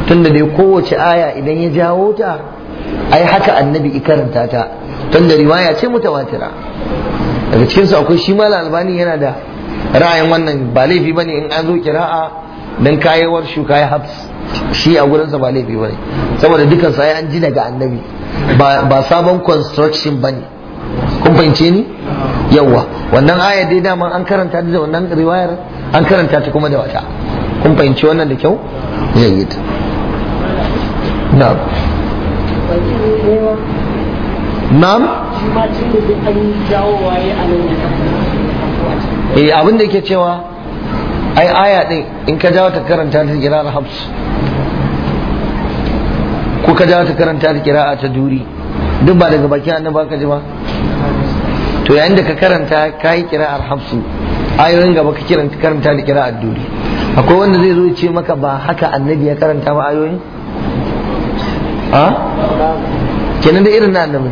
tunda dai kowace aya idan ya jawo ta ai haka annabi ikaranta ta tunda riwaya ce mutawatira daga cikinsu akwai shi mala albani yana da ra'ayin wannan ba laifi bane in an zo kira'a dan kayewar shuka ya habs shi a gurinsa ba laifi bane saboda dukan sa an ji daga annabi ba sabon construction bane kun fahimce ni yawa wannan aya dai dama an karanta da wannan riwayar an karanta ta kuma da wata kun fahimci wannan da kyau jayyid na'am na'am eh abin da yake cewa ai aya din in ka jawo ta karanta ta kira'a habs ko ka jawo ta karanta ta kira'a ta duri duk ba daga baki annaba ka ji ba to yayin da ka karanta kai kira'a habs ayoyin gaba ka karanta ta kira'a duri akwai wanda zai zo ya ce maka ba haka annabi ya karanta ba ayoyin a ah? kenan da irin na annabi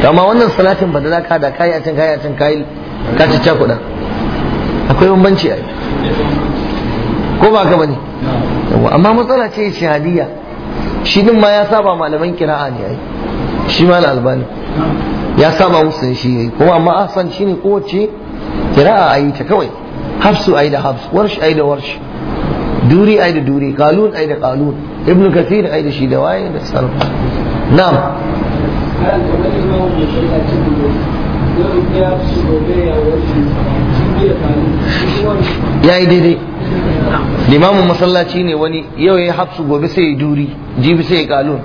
to amma wannan salatin ba da za ka da kayi a can kayi a can kayi ka ci kuɗa akwai bambanci a ko ba ka bane amma matsala ce shahadiyya shi din ma ya saba malaman kira'a ne yayi shi ma albani ya saba musu shi yayi kuma amma asan ne kowace kira'a ayi ta kawai hafsu ayi da hafsu warsh ayi da warsh duri ayi da duri a ayi da kalun ibn kathir ayi da shi da waye da sarfa na'am ya yi daidai limamin masallaci ne wani yau ya hafsu gobe sai ya duri jibi sai ya kalun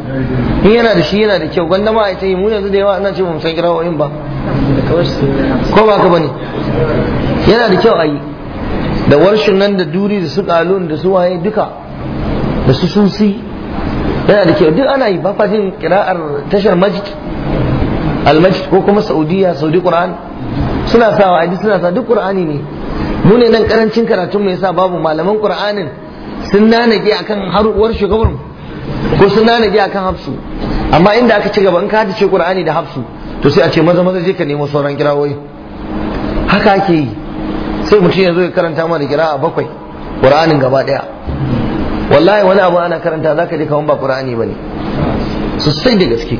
in yana da shi yana da kyau gwanda ma a yi mu yanzu da yawa ana ce mun san yin ba ko ba ka bane yana da kyau a yi da warshin nan da duri da su kalun da su waye duka da su sun si yana da kyau duk ana yi ba jin kira'ar tashar majid almajid ko kuma saudiya saudi qur'an suna sawa a suna sa duk qur'ani ne mu ne nan karancin karatun mu sa babu malaman qur'anin sun nanage akan haruwar shugaban ko sun nanage akan hafsu amma inda aka ci gaba in ka ce qur'ani da hafsu to sai a ce maza maza je ka nemo sauran kirawoyi haka ake yi sai mutum ya zo ya karanta mana kira a bakwai qur'anin gaba daya wallahi wani abu ana karanta zaka je kaman ba qur'ani bane sosai da gaske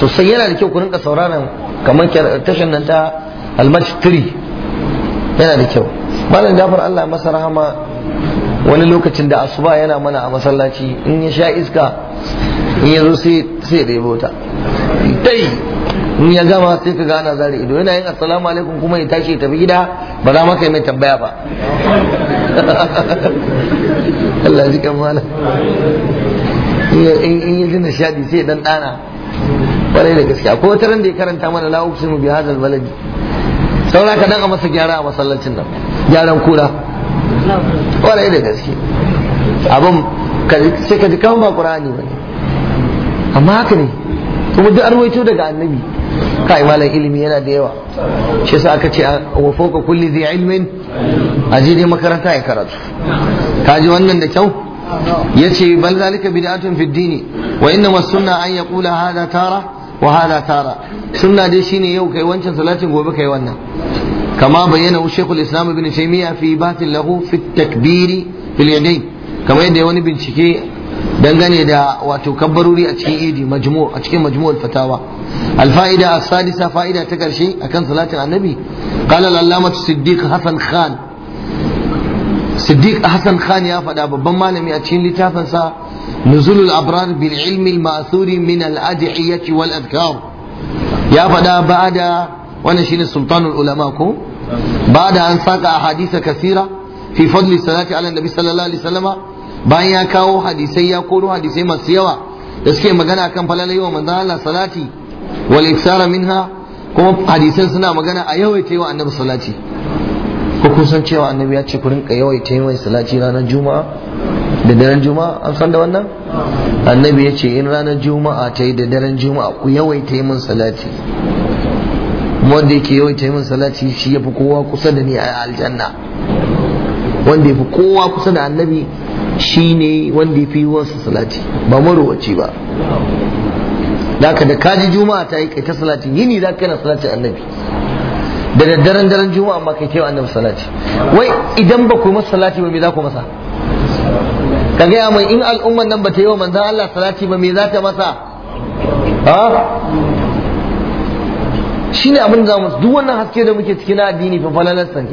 sosai yana da kyau ku rinka sauraron kaman tashin nan ta almatch yana da kyau malam jafar Allah masa rahama wani lokacin da asuba yana mana a masallaci in ya sha iska in ya zo sai ta dai in ya gama sai ka gana zari ido yana yin assalamu alaikum kuma ya tashi tafi gida ba za maka yi mai tambaya ba Allah ji kan mana in yi jin shaɗi sai dan ɗana ƙwarai da gaskiya ko wata ran da ya karanta mana la uksimu bi hadal baladi saura ka dan a masa gyara a masallacin nan gyaran kura ƙwarai da gaske abin sai ka ji kawon ba qur'ani ba. amma haka ne kuma duk arwaito daga annabi kai malam ilimi yana da yawa shi yasa aka ce wa fawqa kulli dhi ilmin aje dai makaranta ya karatu Ka ji wannan da kyau yace bal zalika bid'atun fid dini wa inna mas sunna an yaqula hada tara wa hada tara sunna dai shine yau kai wancan salatin gobe kai wannan كما بينه شيخ الإسلام ابن تيمية في بات fi في التكبير في اليدين كما يدي wani bincike. dangane da wato kabbaruri a cikin idi majmu a cikin majmu'ul fatawa Al-Fa'ida, as-sadisa fa'ida ta karshe akan salatin annabi qala al-allama siddiq hasan khan siddiq hasan khan ya faɗa babban malami a cikin littafin sa nuzulul abrar bil ilmi al-ma'thuri min al-adhiyati wal adhkar ya faɗa ba'da wannan shine sultanul ulama ko ba'da an saka ahadisa kasira fi fadli salati ala nabi sallallahu alaihi wasallama bayan ya kawo hadisai ya koro hadisai masu yawa da suke magana kan falalai wa manzon Allah salati wal iksara minha kuma hadisan suna magana a yawaita yi wa annabi salati ko kun san cewa annabi ya ce ku rinka yawaita yi salati ranar juma'a da daren juma'a an san da wannan annabi ya ce in ranar juma'a ta yi da daren juma'a ku yawaita yi min salati wanda yake yawaita yi min salati shi ya fi kowa kusa da ni a aljanna wanda ya fi kowa kusa da annabi Shi ne wanda ya fi wasu salati ba marowaci ba Daka da kaji juma'a ta yi kai ta salati yini za ka yana salatin annabi da daddaren daren juma'a amma kai kai annabi salati wai idan ba ku masa salati ba me za ku masa ka gaya mai in al'umman nan ba ta yi wa manzan Allah salati ba me za ta masa ha shi ne abin da duk wannan haske da muke cikin addini fa falalarsa ne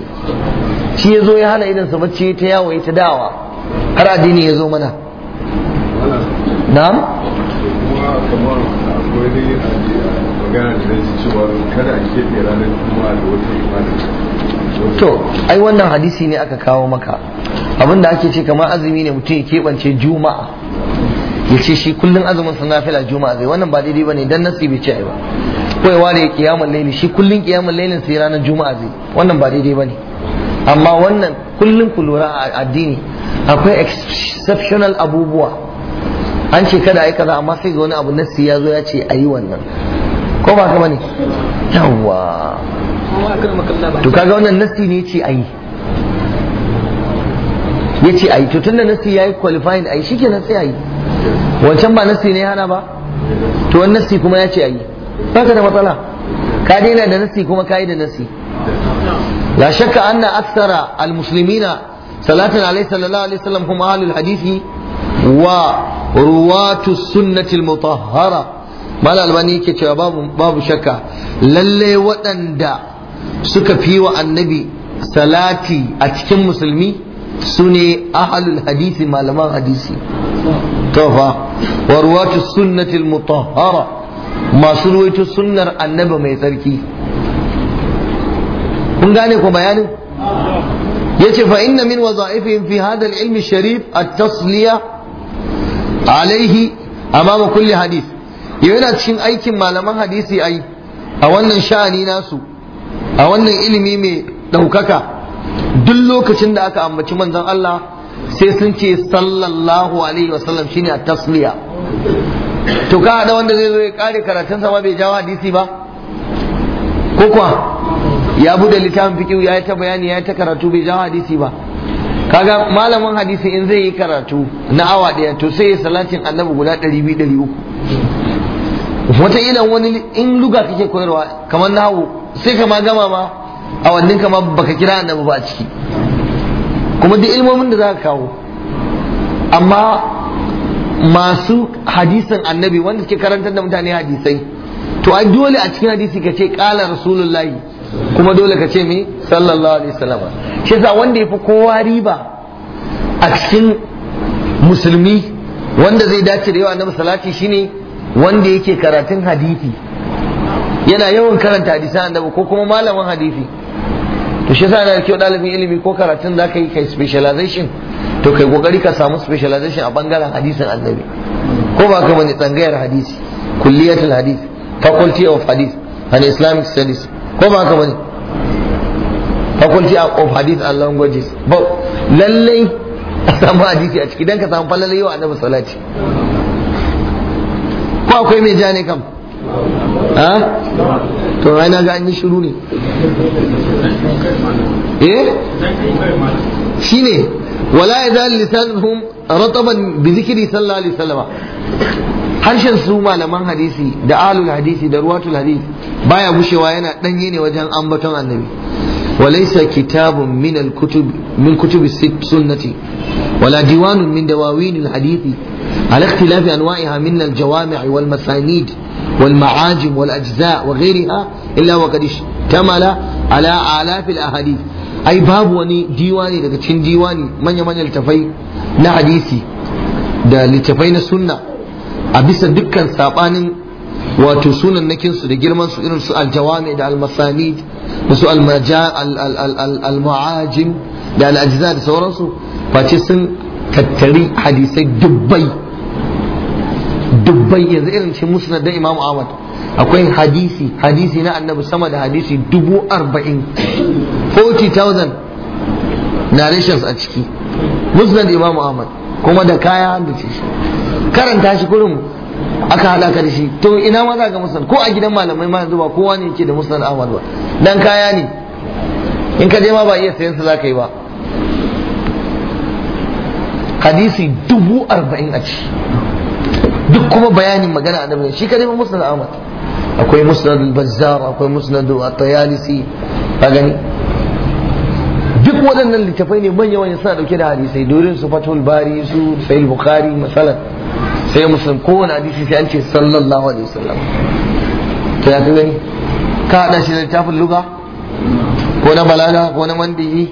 shi ya zo ya hana idan sa bacci ta yawo ya ta dawa har addini ya zo mana na'am to ai wannan hadisi ne aka kawo maka abinda ake ce kamar azumi ne mutum ya kebance juma'a ya ce shi kullum azumin sun nafila juma'a zai wannan ba daidai ba ne dan nasi bai ce ai ba kawai ware ya kiyamun laili shi kullum kiyamun lailin sai ranar juma'a zai wannan ba daidai ba ne amma wannan kullum ku lura a addini akwai exceptional abubuwa an ce kada a yi kaza amma sai ga wani abu nassi ya zo ya ce a yi wannan ko ba ka bane yawwa to kaga wannan nassi ne ce a yi ya ce a yi to tunda nassi ya yi qualifying a yi shi kenan sai a yi wancan ba nassi ne hana ba to wani nassi kuma ya ce a yi ba ka da matsala ka daina da nassi kuma ka yi da nassi la shakka anna aksara al-muslimina salatin alaihi sallallahu alaihi wasallam kuma ahlul hadisi wa ruwatu mutahara. mutahhara mal albani yake cewa babu babu shakka lalle waɗanda suka fi wa annabi salati a cikin musulmi sune ahlul hadisi malaman hadisi to fa wa ruwatu sunnatil mutahhara masu ruwaito sunnar annabi mai tsarki kun gane ko bayanin yace fa inna min wazaifihim fi hadha al sharif at-tasliya alaihi amama kulli hadith yana cikin aikin malaman hadisi ai a wannan sha'ani nasu a wannan ilimi mai ɗaukaka duk lokacin da aka ambaci manzon Allah sai sun ce sallallahu alaihi wa sallam shine a tasliya to ka da wanda zai zo ya kare karatun sama bai jawo hadisi ba ko kuwa ya bude littafin fiqh ya yi ta bayani ya yi ta karatu bai jawo hadisi ba kaga malamin hadisi in zai yi karatu na awa daya to sai ya salatin annabi guda 200 wata ila wani in luga kake koyarwa kamar hawo sai ka ma gama ma awannin ka ma baka kira annabi ba a ciki kuma duk ilmomin da za ka kawo amma masu hadisan annabi wanda suke karantar da mutane hadisai to ai dole a cikin hadisi ka ce kala rasulullahi kuma dole ka ce mi sallallahu alaihi wasallam shi yasa wanda yafi kowa riba a cikin musulmi wanda zai dace da yawa na salati shine wanda yake karatun hadisi yana yawan karanta hadisan annabi ko kuma malamin hadisi to shi yasa yana da kyau dalibin ilimi ko karatun da kai kai specialization to kai kokari ka samu specialization a bangaren hadisin annabi ko ba ka bane tsangayar hadisi kulliyatul hadis faculty of hadith and islamic studies ko ba haka bane faculty of hadith and languages ba lallai a samu hadisi a ciki dan ka samu falalai yau annabi salati ko akwai mai ja ne kam ha to ai na ga an yi shiru ne eh shine wala yazal lisanuhum rataban bi zikri sallallahu alaihi wasallam harshen su malaman hadisi da alul hadisi da ruwatul hadisi baya gushewa yana danye ne wajen ambaton annabi walaysa kitabun min min al-kutub sunnati wala diwanun min dawawin al كتب الست سنة anwa'iha min al-jawami' wal masanid wal ma'ajim wal ajza' wa ghayriha illa wa qad وقد ala alaf al-ahadith ay babu wani diwani daga cikin diwani manya-manyan littafai na hadisi da littafai na sunna a bisa dukkan sabanin wato sunan nakin su da girman su irin su aljawami da almasani da su almuajim da al'ajiza da sauransu face sun tattari hadisai dubbai dubbai yanzu irin shi musnad da imamu ahmad akwai hadisi hadisi na annabi sama da hadisi dubu arba'in 40,000 narrations a ciki musnad imamu ahmad kuma da kaya hannu ce shi karanta shi kurum aka hada ka da shi to ina ma za ka musan ko a gidan malamai ma yanzu ba kowa ne yake da musan Ahmad ba dan kaya ne in ka je ma ba iya sayan sa ka yi ba hadisi dubu arba'in a ci duk kuma bayanin magana a dabbin shi ka kadai musnad Ahmad akwai musnad al-Bazzar akwai musnad at-Tayalisi ka gani duk waɗannan littafai ne manya manya suna dauke da hadisai dorin su fatul Bari su Sahih Bukhari masalan sai musulun kowane hadisi sai an ce sallallahu alaihi wasallam to ya gani ka hada shi da littafin luga ko na balaga ko na mandiyi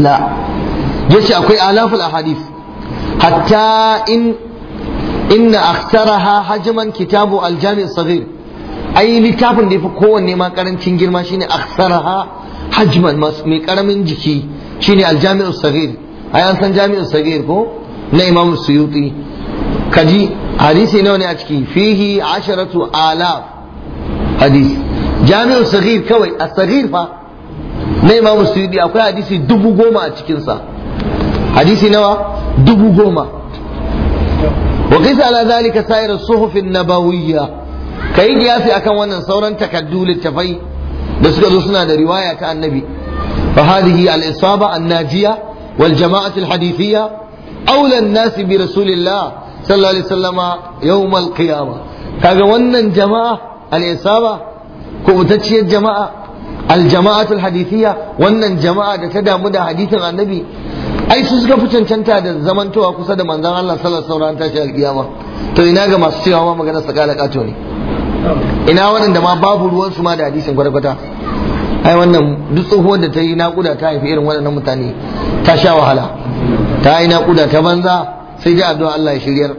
la ce akwai alaful ahadith hatta in na inna ha hajman kitabu aljami saghir ai littafin da ya fi kowanne ma karancin girma shine aktharaha hajman mai karamin jiki shine aljami saghir ai an san jami'ar saghir ko na imam suyuti kaji hadisi nawa ne a ciki fihi asharatu alaf hadisi jami'u saghir kawai a saghir fa na imam suyuti akwai hadisi dubu goma a cikinsa hadisi nawa dubu goma وقيس akan wannan sauran الصحف littafai. Da suka zo suna da riwaya ta annabi. Fa سنة رواية كأن النبي فهذه wal الناجية والجماعة الحديثية aulan nasi bi rasulillah sallallahu alaihi wasallama yawmal qiyama kaga wannan jama'a al-isaba ko jama'a al-jama'atul hadithiyya wannan jama'a da ta damu da hadithin annabi ai su suka fi cancanta da zamantowa kusa da manzon Allah sallallahu alaihi wasallam tashi al-qiyama to ina ga masu cewa ma magana sakala kato ne ina waɗanda ma babu ruwan su ma da hadisin kwata-kwata ai wannan duk tsohuwar da ta yi naƙuda ta haifi irin waɗannan mutane ta sha wahala ta yi naƙuda ta banza sai dai addu'a Allah ya shiryar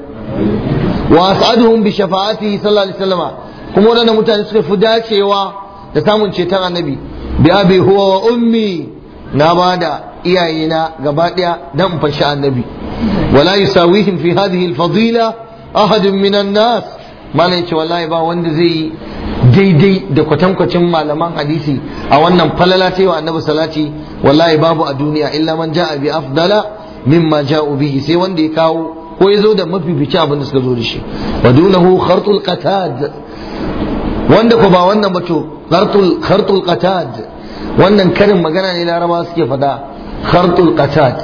wa as'aduhum bi shafa'ati sallallahu alaihi wasallam kuma wannan mutane suka fi dacewa da samun ceton annabi bi abi huwa wa ummi na bada iyayena gaba daya dan fashi annabi wala yusawihim fi hadhihi al-fadila ahad min an-nas mana yace wallahi ba wanda zai daidai da kwatankwacin malaman hadisi a wannan falala ta wa annabi salati wallahi babu a duniya illa man ja'a bi afdala mimma ja'u bihi sai wanda ya kawo ko ya zo da mafifici abin da suka zo da shi wa dunahu khartul qatad wanda ko ba wannan ba khartul khartul qatad wannan karin magana ne laraba suke fada khartul qatad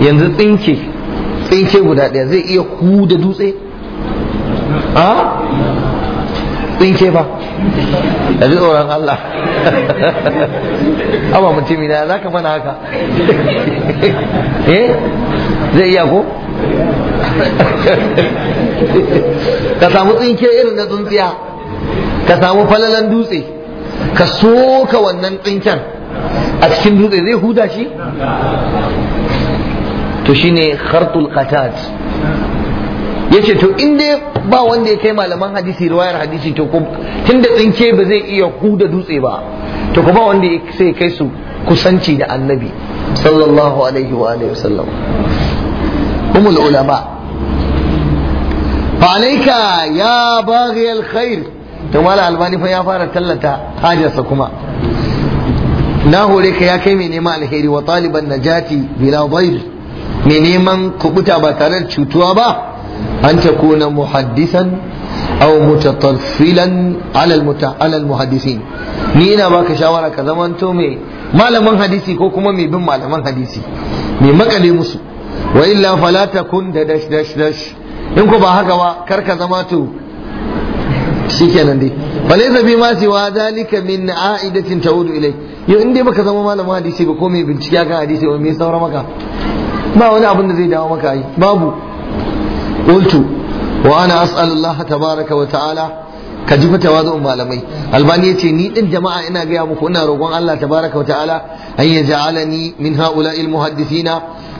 yanzu tsinke tsinke guda daya zai iya da dutse ah? tsinke ba da ji tsoron Allah abu mutumi na za ka mana haka eh zai iya ko ka samu tsinke irin na tsuntsiya ka samu falalan dutse ka soka wannan tsinken a cikin dutse zai huda shi to shine khartul qatat ya ce to inda dai ba wanda ya kai malaman hadisi ruwayar hadisi to ko da tsinke ba zai iya huda dutse ba to ko ba wanda sai kai su kusanci da annabi sallallahu alaihi wa alihi wasallam umul ulama fa alayka ya baghi alkhair to mala albani fa ya fara tallata hajarsa kuma na hore ka ya kai mai neman alheri wa taliban najati bila dhair mai neman kubuta ba tare da cutuwa ba أن تكون محدثا أو متطفلا على المت... على المحدثين نينا باك شاورا كذا تومي ما لمن حديثي كوكما مي بن ما لمن حديثي مي مكالي مسو وإلا فلا تكون دش دش دش ينكو باهاك وكركا زماتو shikenan dai falaisa bi ma siwa zalika min a'idatin ta'udu ilai yau in dai baka zama malamin hadisi ba ko mai bincike kan hadisi ba mai saura maka ba wani abin da zai dawo maka yi babu qultu wa ana as'alu Allah tabaraka kaji ta'ala ka ji fatawa malamai albani yace ni din jama'a ina gaya muku ina roƙon Allah tabaraka wa ta'ala an ni min ha'ula'il muhaddithina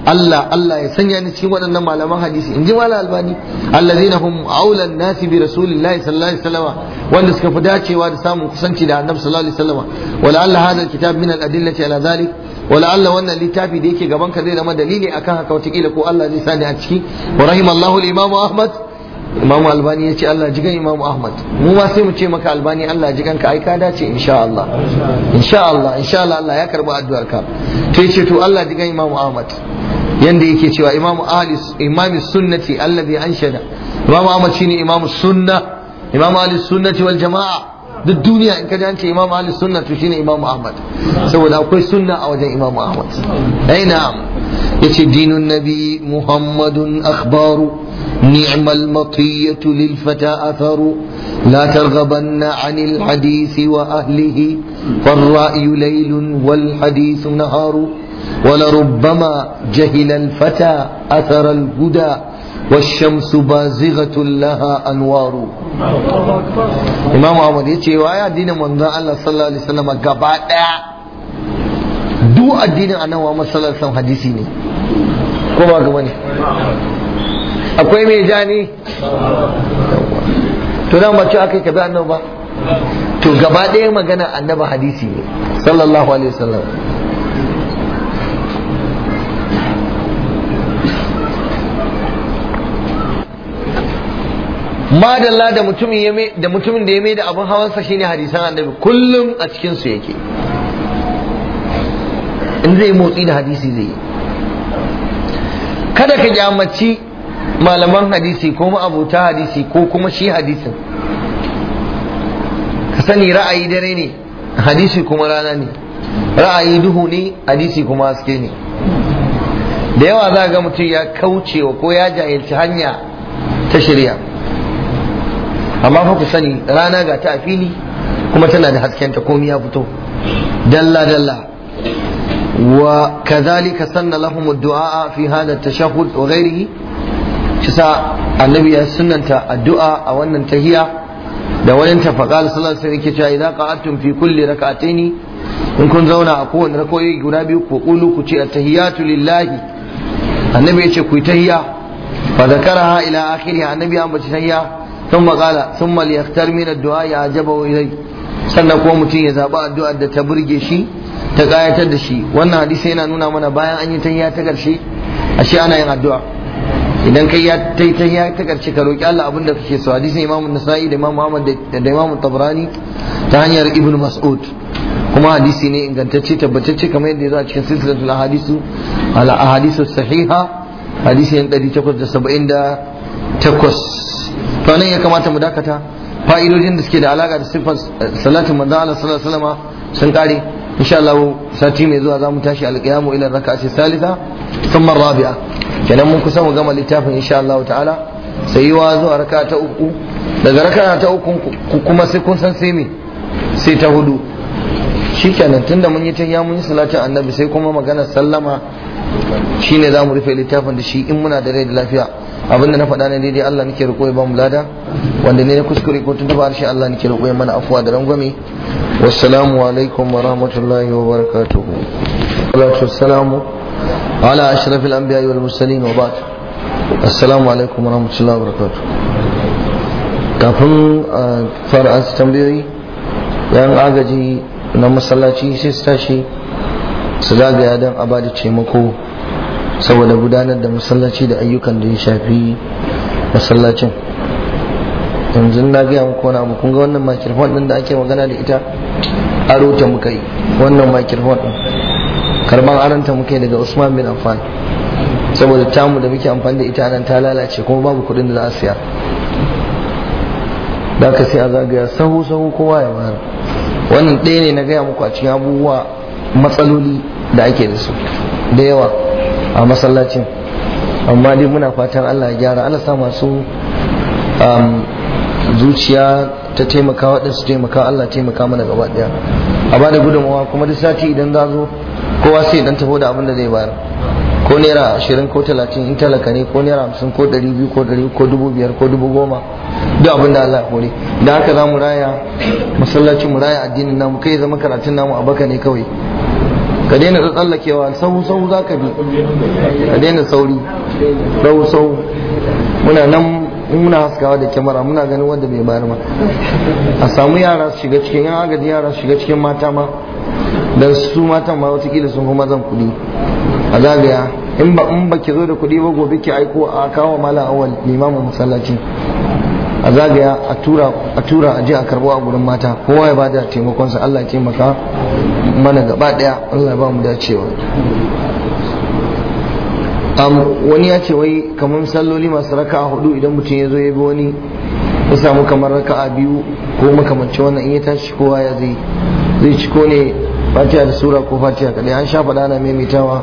Allah Allah ya sanya ni cikin waɗannan malaman hadisi in ji mala albani allazina hum aulan nasi bi rasulillahi sallallahu alaihi wasallam wanda suka fi dacewa da samun kusanci da annabi sallallahu alaihi wasallam wala Allah hadha alkitab min al-adillati ala zalik wala Allah wannan littafi da yake gaban ka zai zama dalili akan haka wata kila ko Allah zai sani a ciki wa rahimallahu al-imamu ahmad imamu albani ya ce Allah jigan imamu ahmad mu ma sai mu ce maka albani Allah jigan ka ai ka dace insha Allah insha Allah insha Allah Allah ya karba addu'ar ka to yace to Allah jigan imamu ahmad yanda yake cewa imamu ahli imami sunnati alladhi anshada imamu ahmad shine imamu sunna imamu ahli sunnati wal jamaa duk duniya in ka ji an ce imamu ahli sunna to shine ahmad saboda akwai sunna a wajen imam ahmad ai eh, na'am yace dinun nabi muhammadun akhbaru ni'mal matiyatu lil fata atharu la targhabanna 'anil wa ahlihi far ra'yu laylun wal hadith naharu ولربما جهل الفتى أثر الهدى والشمس بازغة لها أنوار إمام أحمد يتي وآية الدين من الله صلى الله عليه وسلم قبادا دو الدين أنا وما صلى الله عليه وسلم حديثيني كما كماني akwai mai jani to dan ba ci aka kabi annabi ba to gaba ɗaya magana annabi hadisi ne sallallahu alaihi wasallam madalla da mutumin da mutumin da ya mai da abin sa shine hadisan annabi kullum a cikin su yake in zai motsi da hadisi zai kada ka kyamaci malaman hadisi ko ma'abuta hadisi ko kuma shi hadisin ka sani ra'ayi dare ne hadisi kuma rana ne ra'ayi duhu ne hadisi kuma haske ne da yawa za ga mutum ya kaucewa ko ya jahilci hanya ta shirya amma fa ku sani rana ga ta a fili kuma tana da haskenta komi ya fito dalla dalla wa kadhalika sanna lahum ad-du'a fi hada at-tashahhud wa ghayrihi kisa annabi ya sunnanta addu'a a wannan tahiya da wajen ta faqal sallallahu alaihi wasallam cewa idza qa'atum fi kulli rak'ataini in kun zauna a kowane rakoyi guda biyu ku qulu ku ce at-tahiyatu lillahi annabi ya ce ku tahiya fa zakaraha ila akhirih annabi ya ambaci tahiya ثم قال ثم ليختار من الدعاء يعجبه إليه sannan kuma mutum ya zaɓi addu'ar da ta burge shi ta ƙayatar da shi wannan hadisi yana nuna mana bayan an yi tahiya ta ƙarshe ashe ana yin addu'a idan kai ya tai tahiya ta ƙarshe ka roki Allah abin da kake so hadisin Imam Nasa'i da Imam Muhammad da Imam Tabrani ta hanyar Ibn Mas'ud kuma hadisi ne ingantacce tabbatacce kamar yadda ya zo a cikin silsilatul ahadisu al ahadisu sahiha hadisi ne 878 to nan ya kamata mu dakata fa'idojin da suke da alaka da siffar eh, salatin manzo Allah sallallahu alaihi wasallam sun kare insha Allah sati mai zuwa zamu tashi alqiyamu ila rak'ati salisa thumma rabi'a kenan mun kusa mu gama littafin insha Allah ta'ala sai yi wa zuwa raka ta uku daga raka ta uku kuma sai kun san sai me sai ta hudu shikenan tunda mun yi ya mun yi salatin annabi sai kuma magana sallama shine zamu rufe littafin da shi in muna da rai da lafiya abinda na faɗa ne daidai Allah nake riƙo ya mu lada wanda ne na kuskure ko tuntuba harshe Allah nake riƙo ya mana afuwa da rangwame wassalamu alaikum wa rahmatullahi wa barakatuhu salatu wassalamu ala ashrafil anbiya'i wal mursalin wa ba'd assalamu alaikum wa rahmatullahi wa barakatuhu kafin fara an tambayoyi yan agaji na masallaci sai su tashi su zagaya don a ba da taimako saboda gudanar da masallaci da ayyukan da ya shafi masallacin yanzu na gaya muku wani abu kun ga wannan makirfon din da ake magana da ita aro ta muka yi wannan makirfon din karban aranta muka yi daga usman bin amfani saboda tamu da muke amfani da ita nan ta lalace kuma babu kuɗin da za a siya da ka sai a zagaya sahu sahu kowa ya bayar wannan ɗaya ne na gaya muku a cikin abubuwa matsaloli da ake da su da yawa a masallacin amma dai muna fatan Allah ya gyara Allah sa masu um, zuciya ta taimaka waɗansu taimaka Allah taimaka mana gaba ɗaya a ba da gudunmawa kuma duk sati idan za zo kowa sai idan taho da abin da zai bayar ko naira ashirin ko talatin in talaka ne ko naira hamsin ko ɗari biyu ko ɗari ko dubu biyar ko dubu goma duk abin da Allah hore da haka za mu raya masallacin mu raya addinin namu kai zama karatun namu a baka ne kawai ka daina tsallakewa sau sau za ka bi ka daina sauri dau sau muna nan muna haskawa da kyamara muna ganin wanda bai bayar ma a samu yara su shiga cikin yan agaji yara su shiga cikin mata ma dan su matan ma watakila sun kuma zan kuɗi a zagaya in ba in ba ki zo da kuɗi ba gobe ki aiko a kawo mala awal limamin masallaci a zagaya a tura a a karbo a gurin mata kowa ya bada taimakonsa Allah ya taimaka mana gaba daya Allah ya ba mu dacewa wani ya ce wai kamar salloli masu raka'a hudu idan mutum ya zo ya bi wani ya samu kamar raka'a biyu ko makamancin wannan in ya tashi kowa ya zai zai ciko ne fatiha da sura ko fatiha kadai an sha faɗa na maimaitawa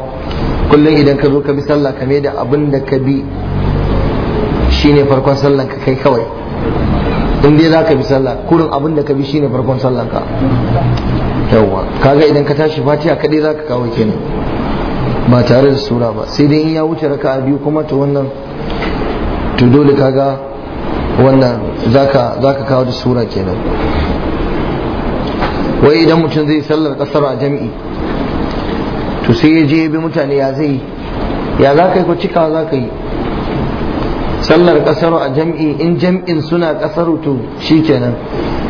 kullum idan ka zo ka bi sallah ka da abin da ka bi shine farkon sallan ka kai kawai in dai za ka bi sallah kurin abin da ka bi shine farkon sallan ka yawwa kaga idan ka tashi fatiha kadai za ka kawo kenan ba tare da sura ba sai dai in ya wuce raka a biyu kuma to wannan to dole kaga wannan zaka zaka kawo da sura kenan wai idan mutum zai sallar kasar a jami'i to sai ya je bi mutane ya zai ya za ka yi ko cikawa za ka yi sallar kasaru a jam'i in jam'in suna kasaru to shikenan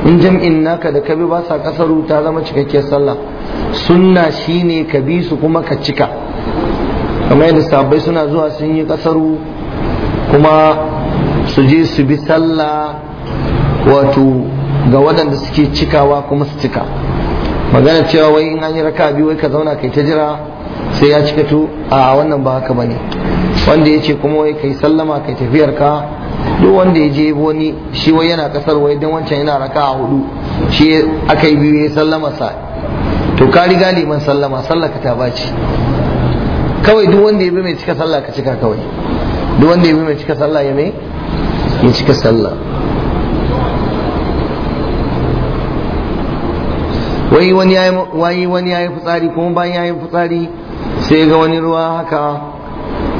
in jam'in naka da kabi ba sa kasaru ta zama cikakkiyar sallah sunna shine ka bi su kuma ka cika kamar yadda sabbai suna zuwa sun yi kasaru kuma su je su bi sallah wato ga waɗanda suke cikawa kuma su cika magana cewa wai in an yi raka biyu wai ka zauna kai ta jira sai ya cika to a wannan ba haka bane wanda ya ce kuma wai kai sallama kai tafiyar ka duk wanda ya je wani shi wai yana kasar wai don wancan yana raka a hudu shi aka yi biyu ya sallama sa to ka riga liman sallama sallaka ka ta baci kawai duk wanda ya bi mai cika sallah ka cika kawai duk wanda ya bi mai cika sallah ya mai ya cika sallah wai wani yayi wani yayi fitsari kuma bayan yayi fitsari sai ga wani ruwa haka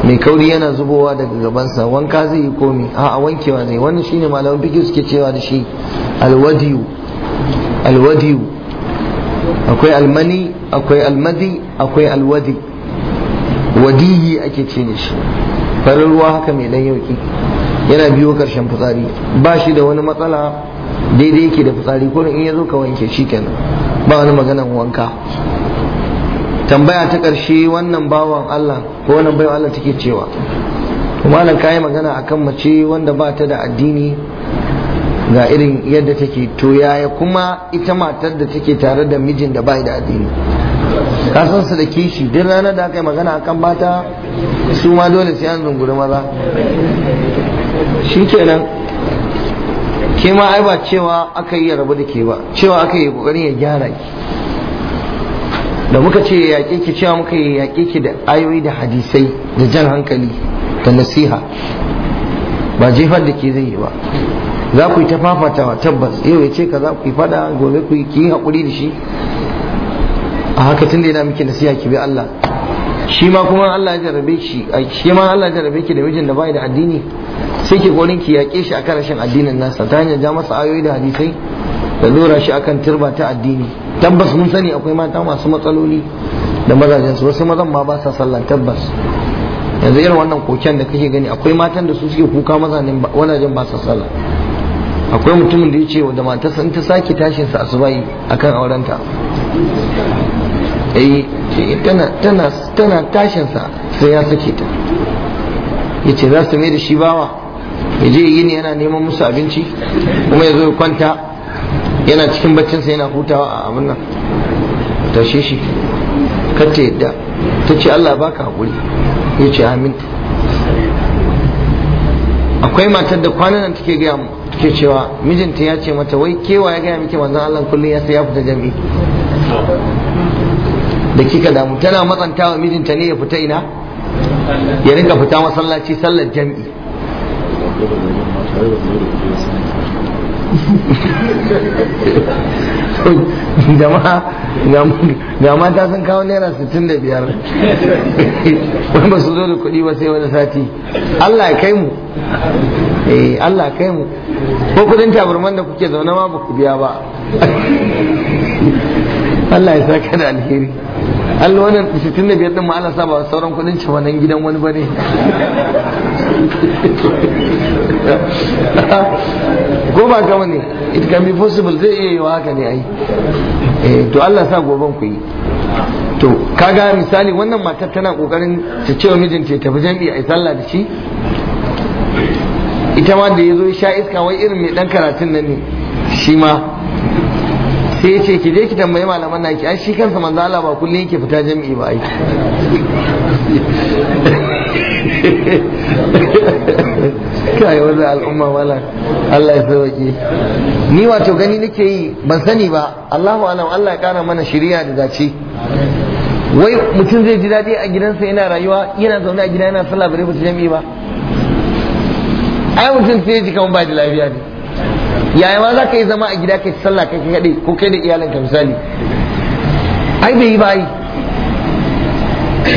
mai kauri yana zubowa daga gabansa wanka zai yi komi a wankewa zai wannan shine malamin fiqh suke cewa da shi alwadiyu alwadiyu akwai almani akwai almadi akwai alwadi wadiyi ake ce da shi farin ruwa haka mai dan yauki yana biyo karshen fitsari ba shi da wani matsala daidai yake da fitsari ko in yazo ka wanke shi kenan ba wani maganan wanka tambaya ta ƙarshe wannan bawan Allah ko wannan baiwa Allah take cewa malam kayi magana akan mace wanda ba ta da addini ga irin yadda take to yaya kuma ita matar da take tare da mijin da bai da addini ka san su da kishi duk ranar da aka yi magana akan bata su ma dole sai an zunguri maza shikenan ke ma ai ba cewa aka yi rabu da ke ba cewa aka yi kokarin ya gyara ki da muka ce yaƙe ki cewa muka yi yaƙe ki da ayoyi da hadisai da jan hankali da nasiha ba jefar da ke zai yi ba za ku yi ta fafatawa tabbas yau ya ce ka za ku yi fada gobe ku yi haƙuri da shi a haka tun da yana miki nasiha ki bi Allah shi ma kuma Allah ya jarrabe shi shi ma Allah ya jarrabe ki da mijin da bai da addini sai ki gorin ki yaƙe shi a rashin addinin nasa ta hanyar ja masa ayoyi da hadisai da lura shi akan turba ta addini tabbas mun sani akwai mata masu matsaloli da mazajen su wasu mazan ma ba sa sallah tabbas yanzu irin wannan koken da kake gani akwai matan da su suke kuka mazajen wajen ba sa sallah akwai mutumin da ya ce da matarsa in ta sake tashin sa asubai akan aurenta eh tana tana tana tashin sa sai ya sake ta yace za su mai da shi bawa ya je yini yana neman musu abinci kuma ya zo kwanta yana cikin baccinsa yana hutawa a abin nan tashe shi kar ta yadda ta ce Allah baka hakuri ya ce amin akwai matar da kwanan nan take gaya take cewa mijinta ya ce mata wai kewa ya gaya miki manzon Allah kullum ya sai ya fita jami'i da kika damu tana matsantawa mijinta ne ya fita ina ya rinka fita masallaci sallar jami'i jama'a ga mata sun kawo naira 65 wani ba su zo da kuɗi ba sai wani sati Allah ya kai mu eh Allah kai mu ko kudin taburman da kuke zaune ma ba ku biya ba Allah ya saka da alheri Allah wannan 65 din ma Allah sa ba sauran kudin ci wannan gidan wani bane ko ba ka wani it can be possible zai iya yiwa haka ne ai eh, to Allah sa goban ku yi to kaga misali wannan matar tana kokarin ta ce wa mijinta ya tafi jami'a ai sallah da shi ita ma da ya zo sha iska wai irin mai dan karatun nan ne shi ma sai ya ce ki je ki tambayi malaman na ki ai shi kansa manzo Allah ba kullun yake fita jami'i ba ai kai wannan al'umma wala Allah ya sauke ni wato gani nake yi ban sani ba Allahu alam Allah ya kara mana shirya da dace wai mutum zai ji daɗi a gidansa yana rayuwa yana zaune a gida yana sallah bare ba jami'i ba ai mutum sai ya ji kamar ba da lafiya ne yaya ma za ka yi zama a gida ka ci sallah kai kaɗai ko kai da ka misali ai bai yi ba yi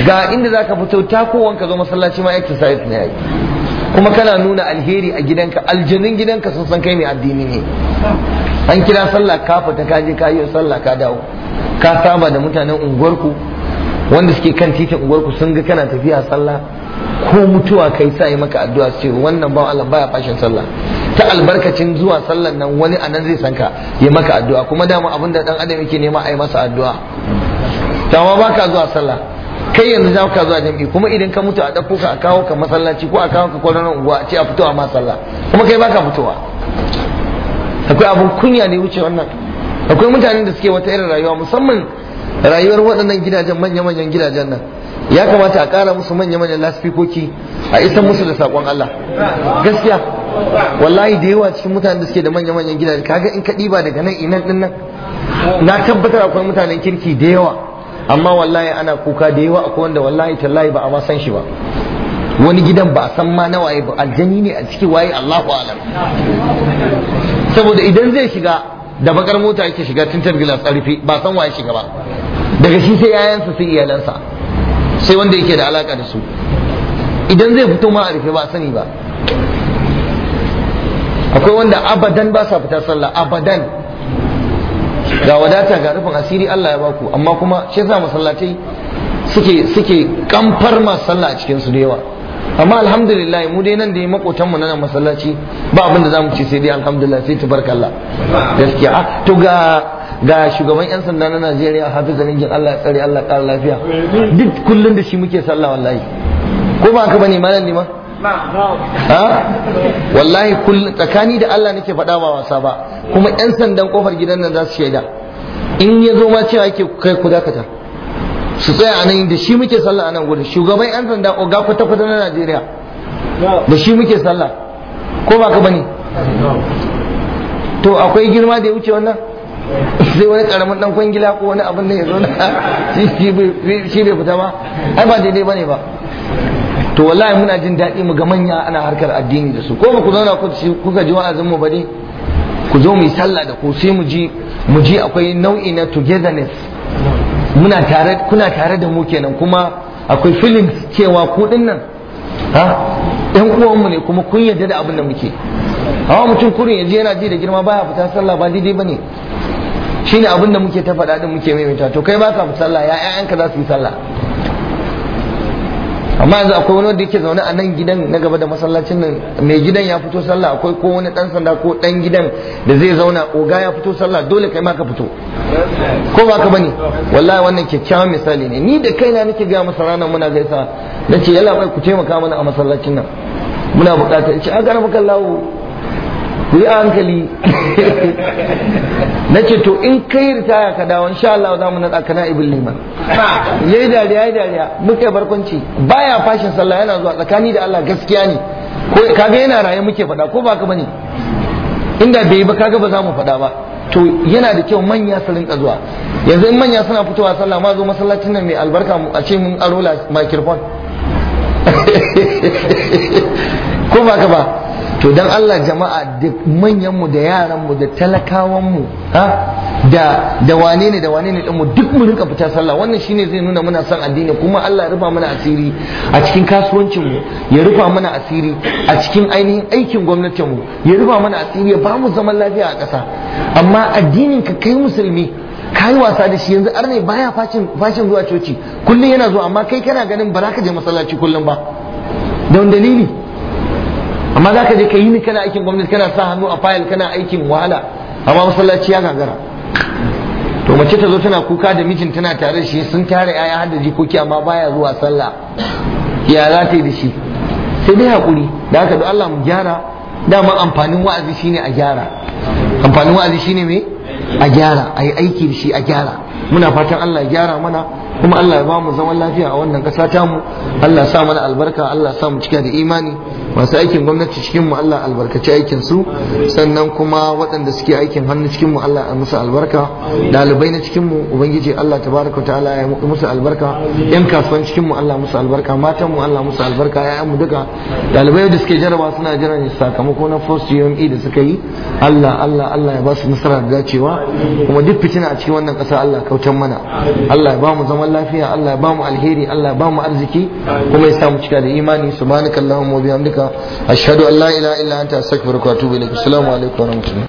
ga inda za ka fito takowan ka zo masallaci ma exercise ne yayi kuma kana nuna alheri a gidanka aljanin gidanka sun san kai mai addini ne an kira sallah ka fita ka je ka yi sallah ka dawo ka saba da mutanen unguwarku wanda suke kan titin unguwarku sun ga kana tafiya sallah ko mutuwa kai sai maka addu'a su ce wannan ba Allah baya fashin sallah ta albarkacin zuwa sallan nan wani anan zai sanka ya maka addu'a kuma dama abin da dan adam yake nema a yi masa addu'a dama baka zuwa sallah kai yanzu za ka zuwa jami'i kuma idan ka mutu a ɗauko ka a kawo ka masallaci ko a kawo ka kwanan unguwa a ce a fito ma sallah kuma kai baka fitowa akwai abin kunya ne wuce wannan akwai mutanen da suke wata irin rayuwa musamman rayuwar waɗannan gidajen manya-manyan gidajen nan ya kamata a ƙara musu manya-manyan lasfikoki a isan musu da saƙon Allah gaskiya wallahi da yawa cikin mutanen da suke da manya manyan gidaje kaga in ka diba daga nan inan din nan na tabbatar akwai mutanen kirki da yawa amma wallahi ana kuka da yawa akwai wanda wallahi tallahi ba a ma san shi ba wani gidan ba a san ma na waye ba aljani ne a ciki waye Allahu alam saboda idan zai shiga da bakar mota yake shiga tintar gilas a rufe ba san waye shiga ba daga shi sai yayansa sai iyalansa sai wanda yake da alaka da su idan zai fito ma a rufe ba sani ba akwai wanda abadan ba sa fita sallah abadan ga wadata ga rufin asiri Allah ya baku amma kuma shi yasa masallatai suke suke kamfar ma sallah a cikin su da yawa amma alhamdulillah mu dai nan da makotan mu na nan masallaci ba abin da zamu ci sai dai alhamdulillah sai Allah. gaskiya ah, to ga ga shugaban yan sanda na Najeriya Hafiz Ringin Allah ya tsare Allah ƙara lafiya duk kullun da shi muke sallah wallahi ko ba ka bane malam ne ma wallahi kullum tsakani da Allah nake faɗa ba wasa ba kuma ƴan sandan kofar gidan nan za su shaida in ya zo ma cewa yake kai ku dakata su tsaya a nan da shi muke sallah a nan gudun shugaban ƴan sanda ga kwata kwata na Najeriya da shi muke sallah ko ba ka bane to akwai girma da ya wuce wannan sai wani karamin dan kwangila ko wani abin da ya zo na shi bai fita ba ai ba daidai bane ba to wallahi muna jin daɗi mu ga manya ana harkar addini da su ko ba ku zauna kuka ji wa'azin mu bane ku zo mu yi sallah da ku sai mu ji mu ji akwai nau'i na togetherness muna tare kuna tare da mu kenan kuma akwai feelings cewa ku nan? ha ɗan uwanmu ne kuma kun yarda da abin da muke amma mutum kurin yaji yana ji da girma baya fita sallah ba daidai bane shine abin da muke ta faɗa din muke maimaita to kai baka fita sallah ya ƴaƴanka za su yi sallah amma yanzu akwai wani wanda yake zaune a nan gidan na gaba da masallacin nan mai gidan ya fito sallah akwai ko wani dan sanda ko dan gidan da zai zauna oga ya fito sallah dole kai ma ka fito ko ba ka bane wallahi wannan kyakkyawan misali ne ni da kaina nake ga masa ranar muna gaisa nace yalla bai ku taimaka mana a masallacin nan muna bukata ce a ga ku yi hankali na ce to in kai ritaya ka dawo insha Allah za mu naɗa kana ibin liman yayi dariya yayi dariya muka yi barkwanci baya fashin sallah yana zuwa tsakani da Allah gaskiya ne ko kaga yana raye muke fada ko ba ka bane inda bai ba kaga ba za mu fada ba to yana da kyau manya su rinka zuwa yanzu in manya suna fitowa sallah ma zo masallacin nan mai albarka a ce mun arola microphone ko ba ka ba to dan Allah jama'a da manyanmu da yaranmu da talakawanmu da da wane ne da wane ne mu duk mu rinka fita sallah wannan shine zai nuna muna son addini kuma Allah ya rufa mana asiri a cikin kasuwancin mu ya rufa mana asiri a cikin ainihin aikin gwamnatin mu ya rufa mana asiri ya ba mu zaman lafiya a ƙasa amma addinin ka kai musulmi kai wasa da shi yanzu arne baya fashin fashin zuwa coci kullum yana zuwa amma kai kana ganin ba za ka je masallaci kullum ba don dalili amma za ka je ka yi ni kana aikin gwamnati kana sa hannu a fayil kana aikin wahala amma masallaci ya gagara to mace ta zo tana kuka da mijin tana tare da shi sun tare yaya har da jikoki amma baya zuwa sallah ya za ta yi da shi sai dai hakuri da aka don Allah mu gyara dama amfanin wa'azi shine a gyara amfanin wa'azi shine me a gyara a yi aiki da shi a gyara muna fatan Allah ya gyara mana kuma Allah ya ba mu zaman lafiya a wannan ƙasa tamu Allah ya sa mana albarka Allah ya sa mu cika da imani masu aikin gwamnati cikin mu Allah albarkaci aikin su sannan kuma waɗanda suke aikin hannu cikin mu Allah ya musu albarka dalibai na cikin mu ubangiji Allah tabaraka ta'ala ya musu albarka yan kasuwan cikin mu Allah musu albarka matan mu Allah musu albarka ƴaƴan mu duka dalibai da suke jaraba suna jira ne sakamako na first UME da suka yi Allah Allah Allah ya ba su nasara da dacewa kuma duk fitina a cikin wannan ƙasa Allah kautan mana Allah ya ba mu zaman zaman lafiya Allah ba mu alheri Allah ba mu arziki kuma ya sa mu cika da imani subhanakallahumma wa bihamdika ashhadu an la ilaha illa anta astaghfiruka wa atubu ilaik assalamu alaikum wa rahmatullahi